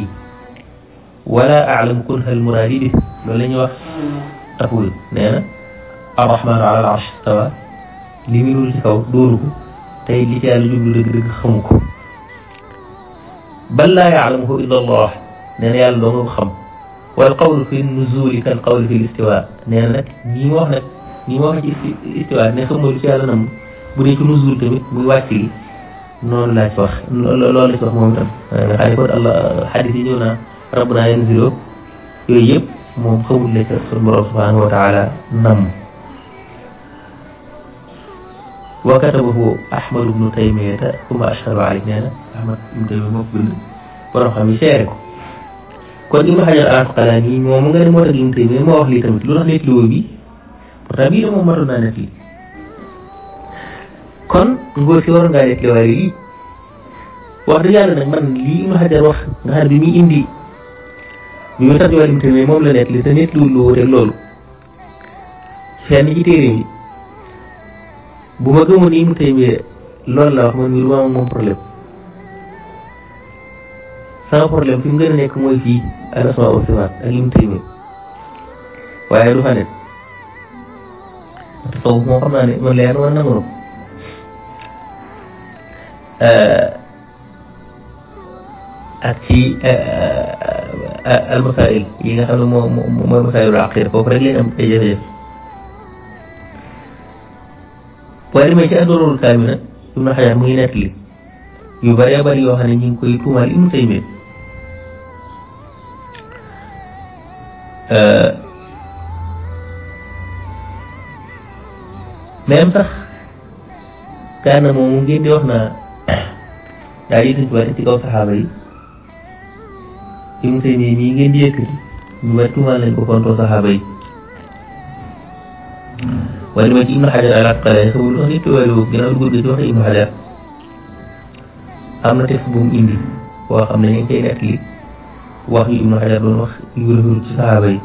ولا أعلم كنه المرادي به لن تقول نعم الرحمن على العرش استوى لمن الكو دوره تي لجال جبل رجل خمك بل لا يعلمه إلا الله نعم يعلمه خم والقول في النزول كالقول في الاستواء نعم نعم, نعم،, نعم. nii ma wax ci istiwaat ne xam lu ci yàlla nam bu dee ci nuzul tamit muy wàcc gi noonu laa ci wax loolu ci wax moom itam nga xam ne rabbana yanzilu yooyu moom xamul la ca sun borom subhanahu wa taala na ahmad ibnu taymiya moom wax lii tamit lu tax nekk rabi'a moom matu naa nett li kon ngóor si war ngaa nettali waaye lii wax dëgg yàlla nag man lii Ibnu Hajar wax nga xam bi muy indi bi mu tarjumaa lim tamit moom la lii te nettaliwul lu wuuteeg loolu fenn ci téere bi bu ma gëmoon ni Ibnu Taymiya loolu la wax man mii du ma am moom problème sama fi a nekk mooy fii al asmaa wa sifaat ak Ibnu Taymiya waaye du fa طوف مقرمان والليل والنمر هادشي المسائل ييغا خامل موي مسائل العقيده فوف رك لين ام اي جاف جاف boo demee ci adorul kaamil nag Ibnu Hajar mu ngi nettali yu bëree bëri yoo xam ne ñu ngi koy tuumaal Ibnu Taymiya même sax kaana moomu ngeen di wax na daal yi suñ tubaab ci kaw saxaaba yi Ibnu Taymiya mii ngeen di yëkkati ñu bari tuumaal nañ ko kontoo saxaaba yi wala ma ci Ibnu Xajar al Asqalaani xamul lu tax nit tubaab gannaaw lu gudd ci wax Ibnu Xajar am na texte bu mu indi boo xam ne ñu ngi koy nekk li wax yu Ibnu Xajar doon wax yu rëful ci saxaaba yi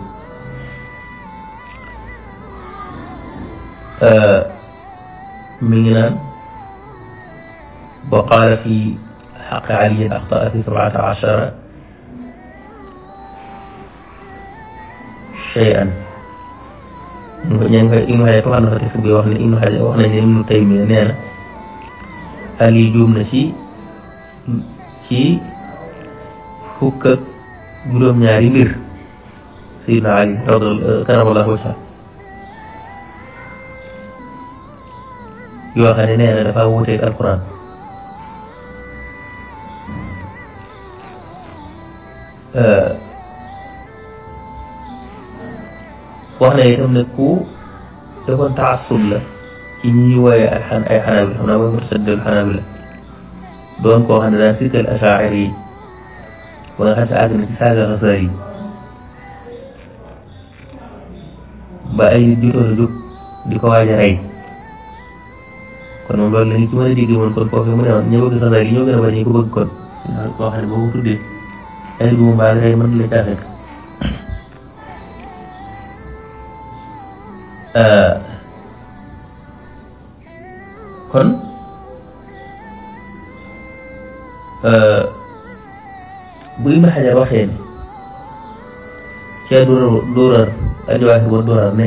Euh, mi ngi naan wa qaala fi xaqi aliyin axtaa fi sabata achara cheyan ña nga ibnu xajar ko wax na fa texte bi wax ne ibnu xajar wax nañ ne ibnu taymiya nee na ali juum na ci ci fukk ak juróom-ñaari mbir sayidna ali radi karamallahu wajha يوغانينا رفاوتي القرآن wax na itam ne ku defoon taasub la ci ñi wooye alxan ay xanaabila xam naa mooy murtaddul xanaabila doon koo xam ne daa sikkal asaacir yi ba nga xam ne àgg na ci saaga xasaar yi ba ay nit jotoon a jóg di ko waaj a rey Eh, kon moom loolu lañ ci mën a dégg woon kon ko bëgg ko ay bu mbaa waxee ne ca dóorar dóorar ne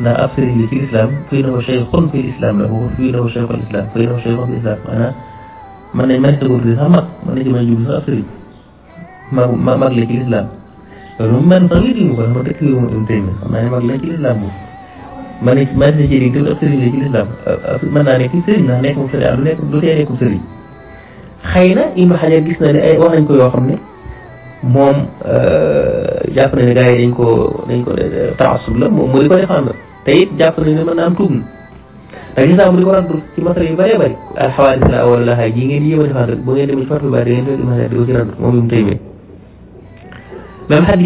ndax ab sëriñ bi ci lislaam fii na ko cheikhun fi lislaam la foofu fii na ko cheikhul islam fii na ko cheikhun fi lislaam maanaam mën nañ mën ko tuddee sax mag mën nañ ci mën a jublu sax ab sëriñ mag mag la ci lislaam loolu moom man sax wéetuñu ko ma dëkk yow mu tey xam naa ne mag la ci lislaam moom man it man it ci ab sëriñ la ci lislaam mën naa nekk sëriñ ndax nekkum sëriñ du nekk du tee nekkum sëriñ xëy na Ibnu Hajar gis na ne ay wax nañ ko yoo xam ne moom jàpp na ne gars yi dañ ko dañ ko taasub la moom moo di ko défendre te it jàpp nañ ne mën naa am tuub na ndax islam di ko a defaan rek bu ci Fatul Baari ngeen di ko a wéral sax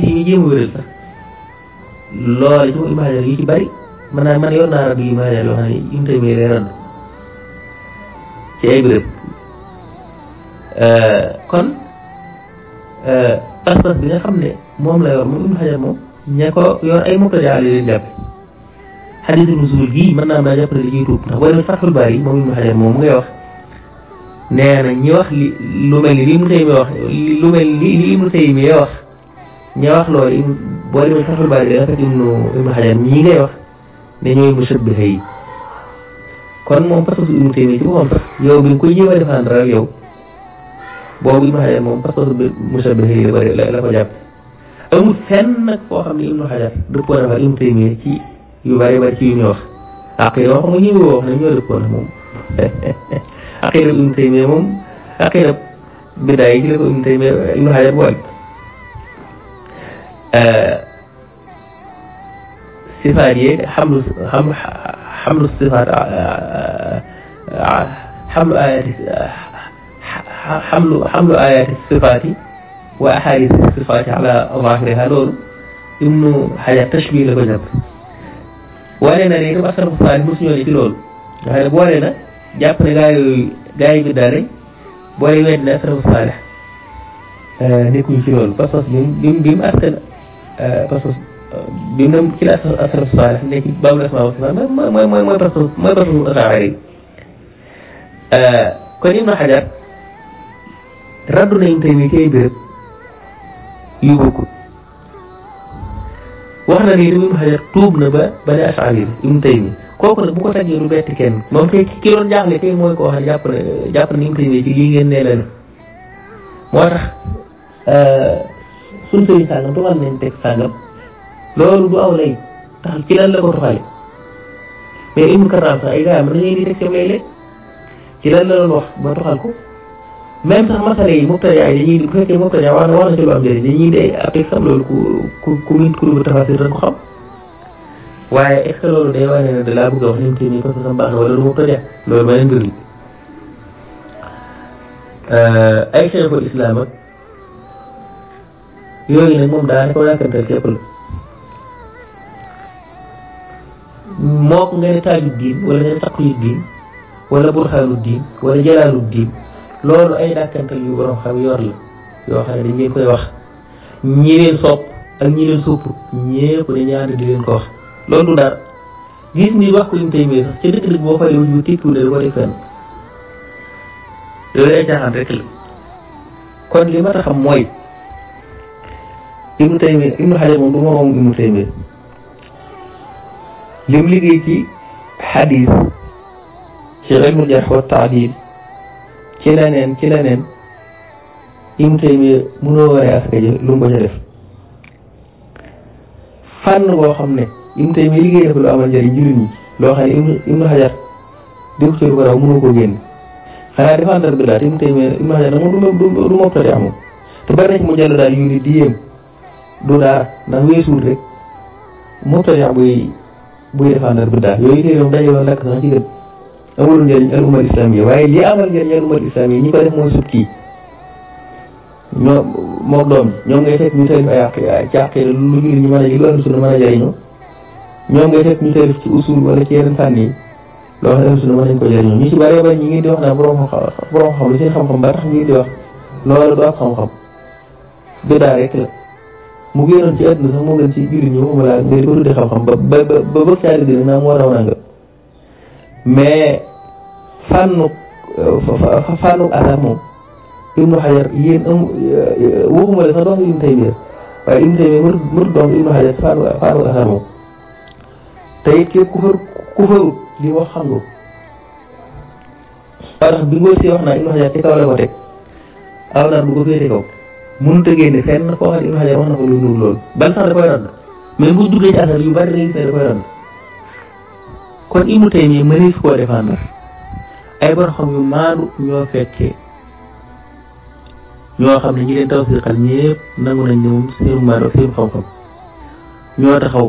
loolu xam ne ay béréb euh, kon euh, pas xam moom la yor moom Ibnu Hajar moom ña ko ay mubtadi'a la leen jàppe xadiisu nuzuul gi mën naa am daa jàpp ne dañuy tuub ndax boo demee Fathul Baari moom Ibnu Hajar moom mu wax nee na ñi wax lu mel ni li Ibnu Taymiya wax lu mel ni li Ibnu wax ñi wax loolu boo demee Fathul Baari dana fekk ñii ngay wax ne ñooy mushabbiha yi kon moom pas-pasu Ibnu Taymiya ci boppam sax yow bi nga koy jéem a défendre ak yow boobu Ibnu Hajar moom pas-pasu mushabbiha yi la la ko jàpp amul fenn nag foo xam ne Ibnu Hajar dëppoo na fa Ibnu Taymiya ci. yu bari ba ci yu ñu wax aqida wax na ñuy wax ne ñoo dëkkoon moom aqida ibnu taymiya moom aqida bidaay ci la ko ibnu taymiya ibnu hajar boole sifaat yeeg sifari hamlu xamlu sifaat hamlu ayati حمل حمل آيات الصفات وأحاديث الصفات على ظاهرها لون إنه حاجة تشبيه لبجد wane na ne itam askanu Fane mosuñoo ne ci loolu nga xam ne na jàpp ne gaa yooyu gaa yi biddaa lañ boole wedd na askanu Fane eh, nekkuñu ci loolu pas-pas mu bi mu askan eh, pas-pas bi mu ci la askanu Fane ne ci baabu la asmaa wa sifaat mooy mooy mooy mooy pas-pas mooy pas-pasu Ash'ari eh, kon Ibnu Hajar raddu nañu tamit ci wax na ni li mu xajar tuub na ba ba ne ashari ibnu taymi kooku nag bu ko taggee du betti kenn moom kay ki doon jaaxle kay mooy koo xam ne jàpp na jàpp na ibnu taymi ci lii ngeen nee la ne moo tax euh, suñ sëriñ sàngam tuxal nañ teg sàngam loolu du aw lay tax ci lan la ko tuxale mais ibnu karaam sax ay gars am na ngeen di teg ca lay ci lan la doon wax ba tuxal ko même sax masala yi mubtada yi dañuy bu fekkee mubtada war na war na ci sam loolu ku ku ku mu ku mu tafasir xam waaye est loolu day wane ne da laa bëgg wax ni te nii parce que sam wala du mubtada loolu ma leen euh, ay cheikhul islam ak yooyu nag moom daanaka ko yàkkantal képp la moo ko nga diin wala nga ne diin wala burxaanu diin wala jalaalu diin loolu ay dàkkantal yu borom xam yor la yoo xam ne dañ leen koy wax ñi leen sopp ak ñi leen sopp ñépp dañuy ànd di ko wax loolu du dara gis ni wax ko lim tey mee sax ca ko def fenn loolu ay caaxaan rek la kon li ma tax xam mooy Ibnu Taymiya Ibnu Hajar moom du moroom Ibnu Taymiya lim liggéey ci xadiis ci ilmul jarh wa taadil ci leneen ci leneen Ibnu Taymiya mënoo waree asaka ji lu mu ko ca def fànn boo xam ne Ibnu Taymiya liggéey def lu amal njëriñ jullit ñi loo xam ne Ibnu Hajar di ko ci lu ko raw mënoo koo génn xanaa défendre bi daal Ibnu Taymiya Ibnu Hajar nag du du du te bari na ci mu jàll daal yu ni di yéem du daara ndax weesuul rek mottali buy buy défendre bi daal yooyu tey moom daje woon lakk sax ci gën. amul njëriñ al umma islamiyya waaye li amal njëriñ al umma islamiyya ñi ko def mooy sut kii ñoom doom ñoom ngay fekk ñu ay àq ay lu julli ñu mën a lu ahlu a ñu ci usul wala ci yeneen fànn yi loo xam di wax naa borom xam xam lu seen xam-xam ba tax di wax loolu du ak xam-xam bidaa ba ba ba bëgg caa nag naa moo raw nanga mais fànnu fànnu asar moom ibnu xajar yéen euh, waxuma la sax dong ibnu taymiya waaye ibnu taymiya mër mër dong ibnu xajar fànnu asar moom te it képp ku far wax xam nga bi nga si wax na ibnu xajar ci kaw la ko teg aw naar bu ko féete kaw mënut a génne fenn foo xam ne xajar wax na ko lu nuru loolu ban sax da koy rand mais bu asar yu bari régistre da koy rand kon ilmu tey mii mënees koo défendre ay borom xam yu maandu ñoo fekkee ñoo xam ne ñi leen tawsiqal ñëpp nangu nañ ne moom seenu maandu seenu xam-xam ñoo taxaw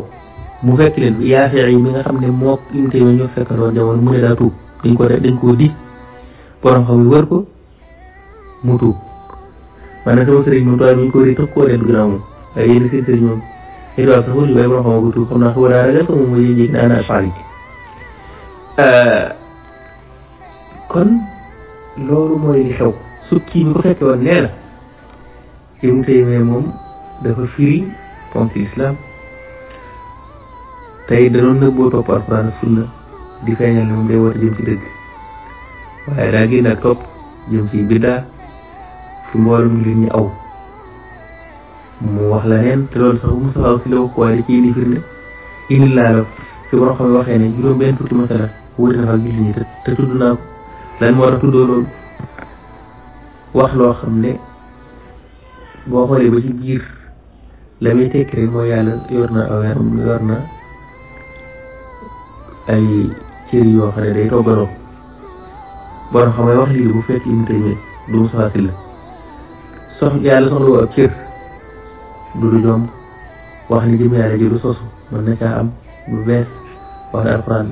mu fekk leen yaafee yi mi nga xam ne mook ilmu tey mii ñoo fekkandoon jamono mu ne daa tuub dañ ko dañ koo di borom xam yu wër ko mu tuub maanaam sama sëriñ moom tool bi ko réer tëkk koo leen gën a amul waaye yéen seen sëriñ moom xëy na waaw sax wër yu bëri borom xam ko tuub xam naa xaw a daanaka moom mooy yéen Euh, kon loolu mooy li xew sukki ñu ko fekke woon nee na Ibnu Taymiyya moom dafa firi ponk islam tey danoon nëbboo topp alxuraan sunna di feeñal ne moom day woote jëm ci dëgg waaye daa génn ak topp jëm ci biddaa fi mboolum ngir ñu aw mu wax la neen te loolu sax bu Moustapha Sy la ko waaye da indi firnde indi laa la fi borom xam waxee ne juróom benn fukki masala wuute na ak jullit ñi te tudd naa ko lan moo wax loo xam ne boo xoolee ba ci biir la muy rek mooy yàlla yor na ay cër yoo xam ne day toggaloo bon xam nga wax lii bu fekk Ibnu Taymiyya du soxla si sox yàlla soxlawoo ab du jomb wax ni jëm yàlla ji du sosu mën na am bu bees wax alxuraan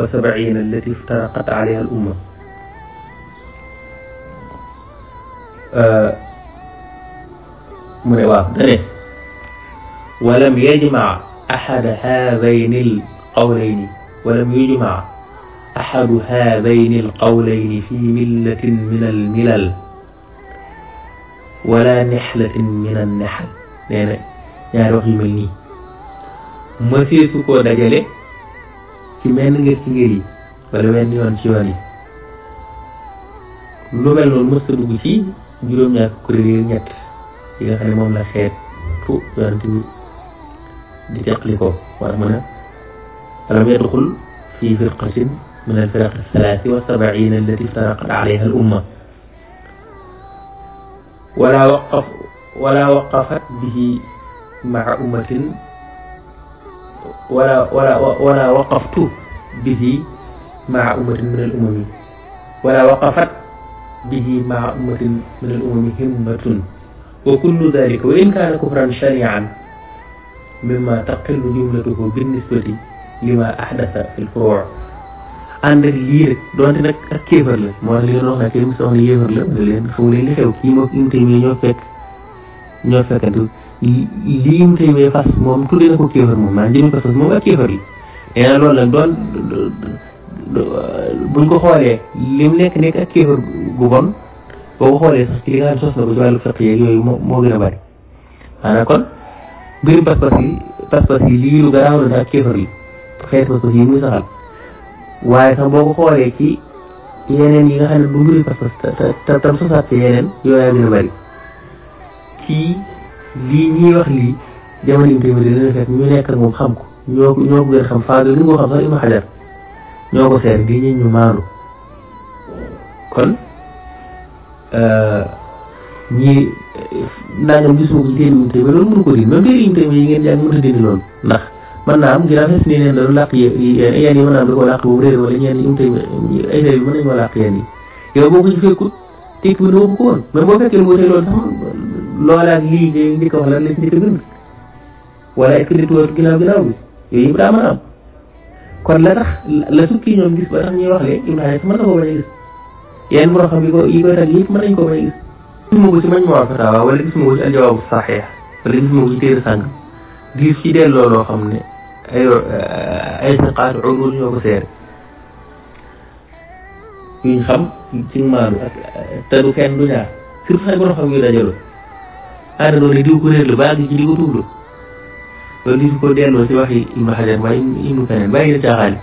وسبعين التي افترقت عليها الأمة آه، إيه. ولم يجمع أحد هذين القولين ولم يجمع أحد هذين القولين في ملة من الملل ولا نحلة من النحل يعني يعني رغم مسيسكو دجالي ci menn ngir ci ngir yi wala wenn yoon ci yoon yi lu mel noonu mësta dugg ci juróom-ñaar kuréel ñett yi nga xam ne moom la xeet fu yonent bi di teqli ko war mën a alam yadxul fi firqatin من الفرق الثلاث والسبعين التي افترقت عليها الأمة ولا وقف ولا وقفت به مع أمة ولا ولا ولا وقفت به مع أمة من الأمم ولا وقفت به مع أمة من الأمم همة وكل ذلك وإن كان كفرا شنيعا مما تقل جملته بالنسبة لما أحدث في الفروع عند الليل دون تنك كيفر لك ما اللي نوحا كيف سوني يفر لك فولي لك وكيمو كيمتين ينفك ينفك دوك lii mu koy wee fas moom tuddee na ko kéefar moom maanaam jëmee ko fas moom ak kéefar yi nee na loolu nag doon buñ ko xoolee li mu nekk nekk ak kéefar gu bon boo ko xoolee sax ci li nga xam ne sos yi pas-pas yi lii lu garaaw la ak kéefar yi xeet pas-pas yi muy saxal waaye sax boo ko xoolee ci yeneen yi nga xam ne du mbirum pas-pas te tam sosaat ci yeneen yooyaa gën a bari lii ñuy wax lii jamono yi tamit dina fekk ñu nekk ak moom xam ko ñoo ko ñoo ko gën xam faa gën koo xam sax Ibnu Hajar ñoo ko seet di ñu ñu maanu kon euh, ñii nangam gisuma ko ci téere yi tamit loolu mënu ko din même téere yi tamit yi ngeen jàng a dindi loolu ndax mën naa am ginnaaw fes ni leen doon làq yéen yéen yi mën naa am da koo làq boobu wala ñeen yi ay réer yi mën nañu ko làq yéen yi yow boo ko ci fekkut tekki bi boo fekkee lu ko tey loolaat lii de njëkk a wax lan la ci njëkk a bind wala est-ce que di tuwaat ginnaaw ginnaaw bi yooyu yëpp daa mën a am kon la tax la tukki ñoom gis ba tax ñuy wax lee Ibrahima mën na ko bañ a gis yenn boo xam yi ko yi koy tag yëpp mën nañu ko bañ a gis gisuma ko ci mañ ma fatawa wala gisuma ko ci aljawaabu saxeex wala gisuma ko ci téere sàng gis ci delloo loo xam ne ay euh, ay siqaat urur ñoo ko seere yuñ xam ci maanu ak te du kenn du ñaar surtout ay borom xam yu dajaloo xaaral noonu diw ko réer la ba àgg ci di ko tudd loolu di ko delloo ci waxi Ibnu Hajar waaye Ibnu Kanaan bàyyi na caaxaan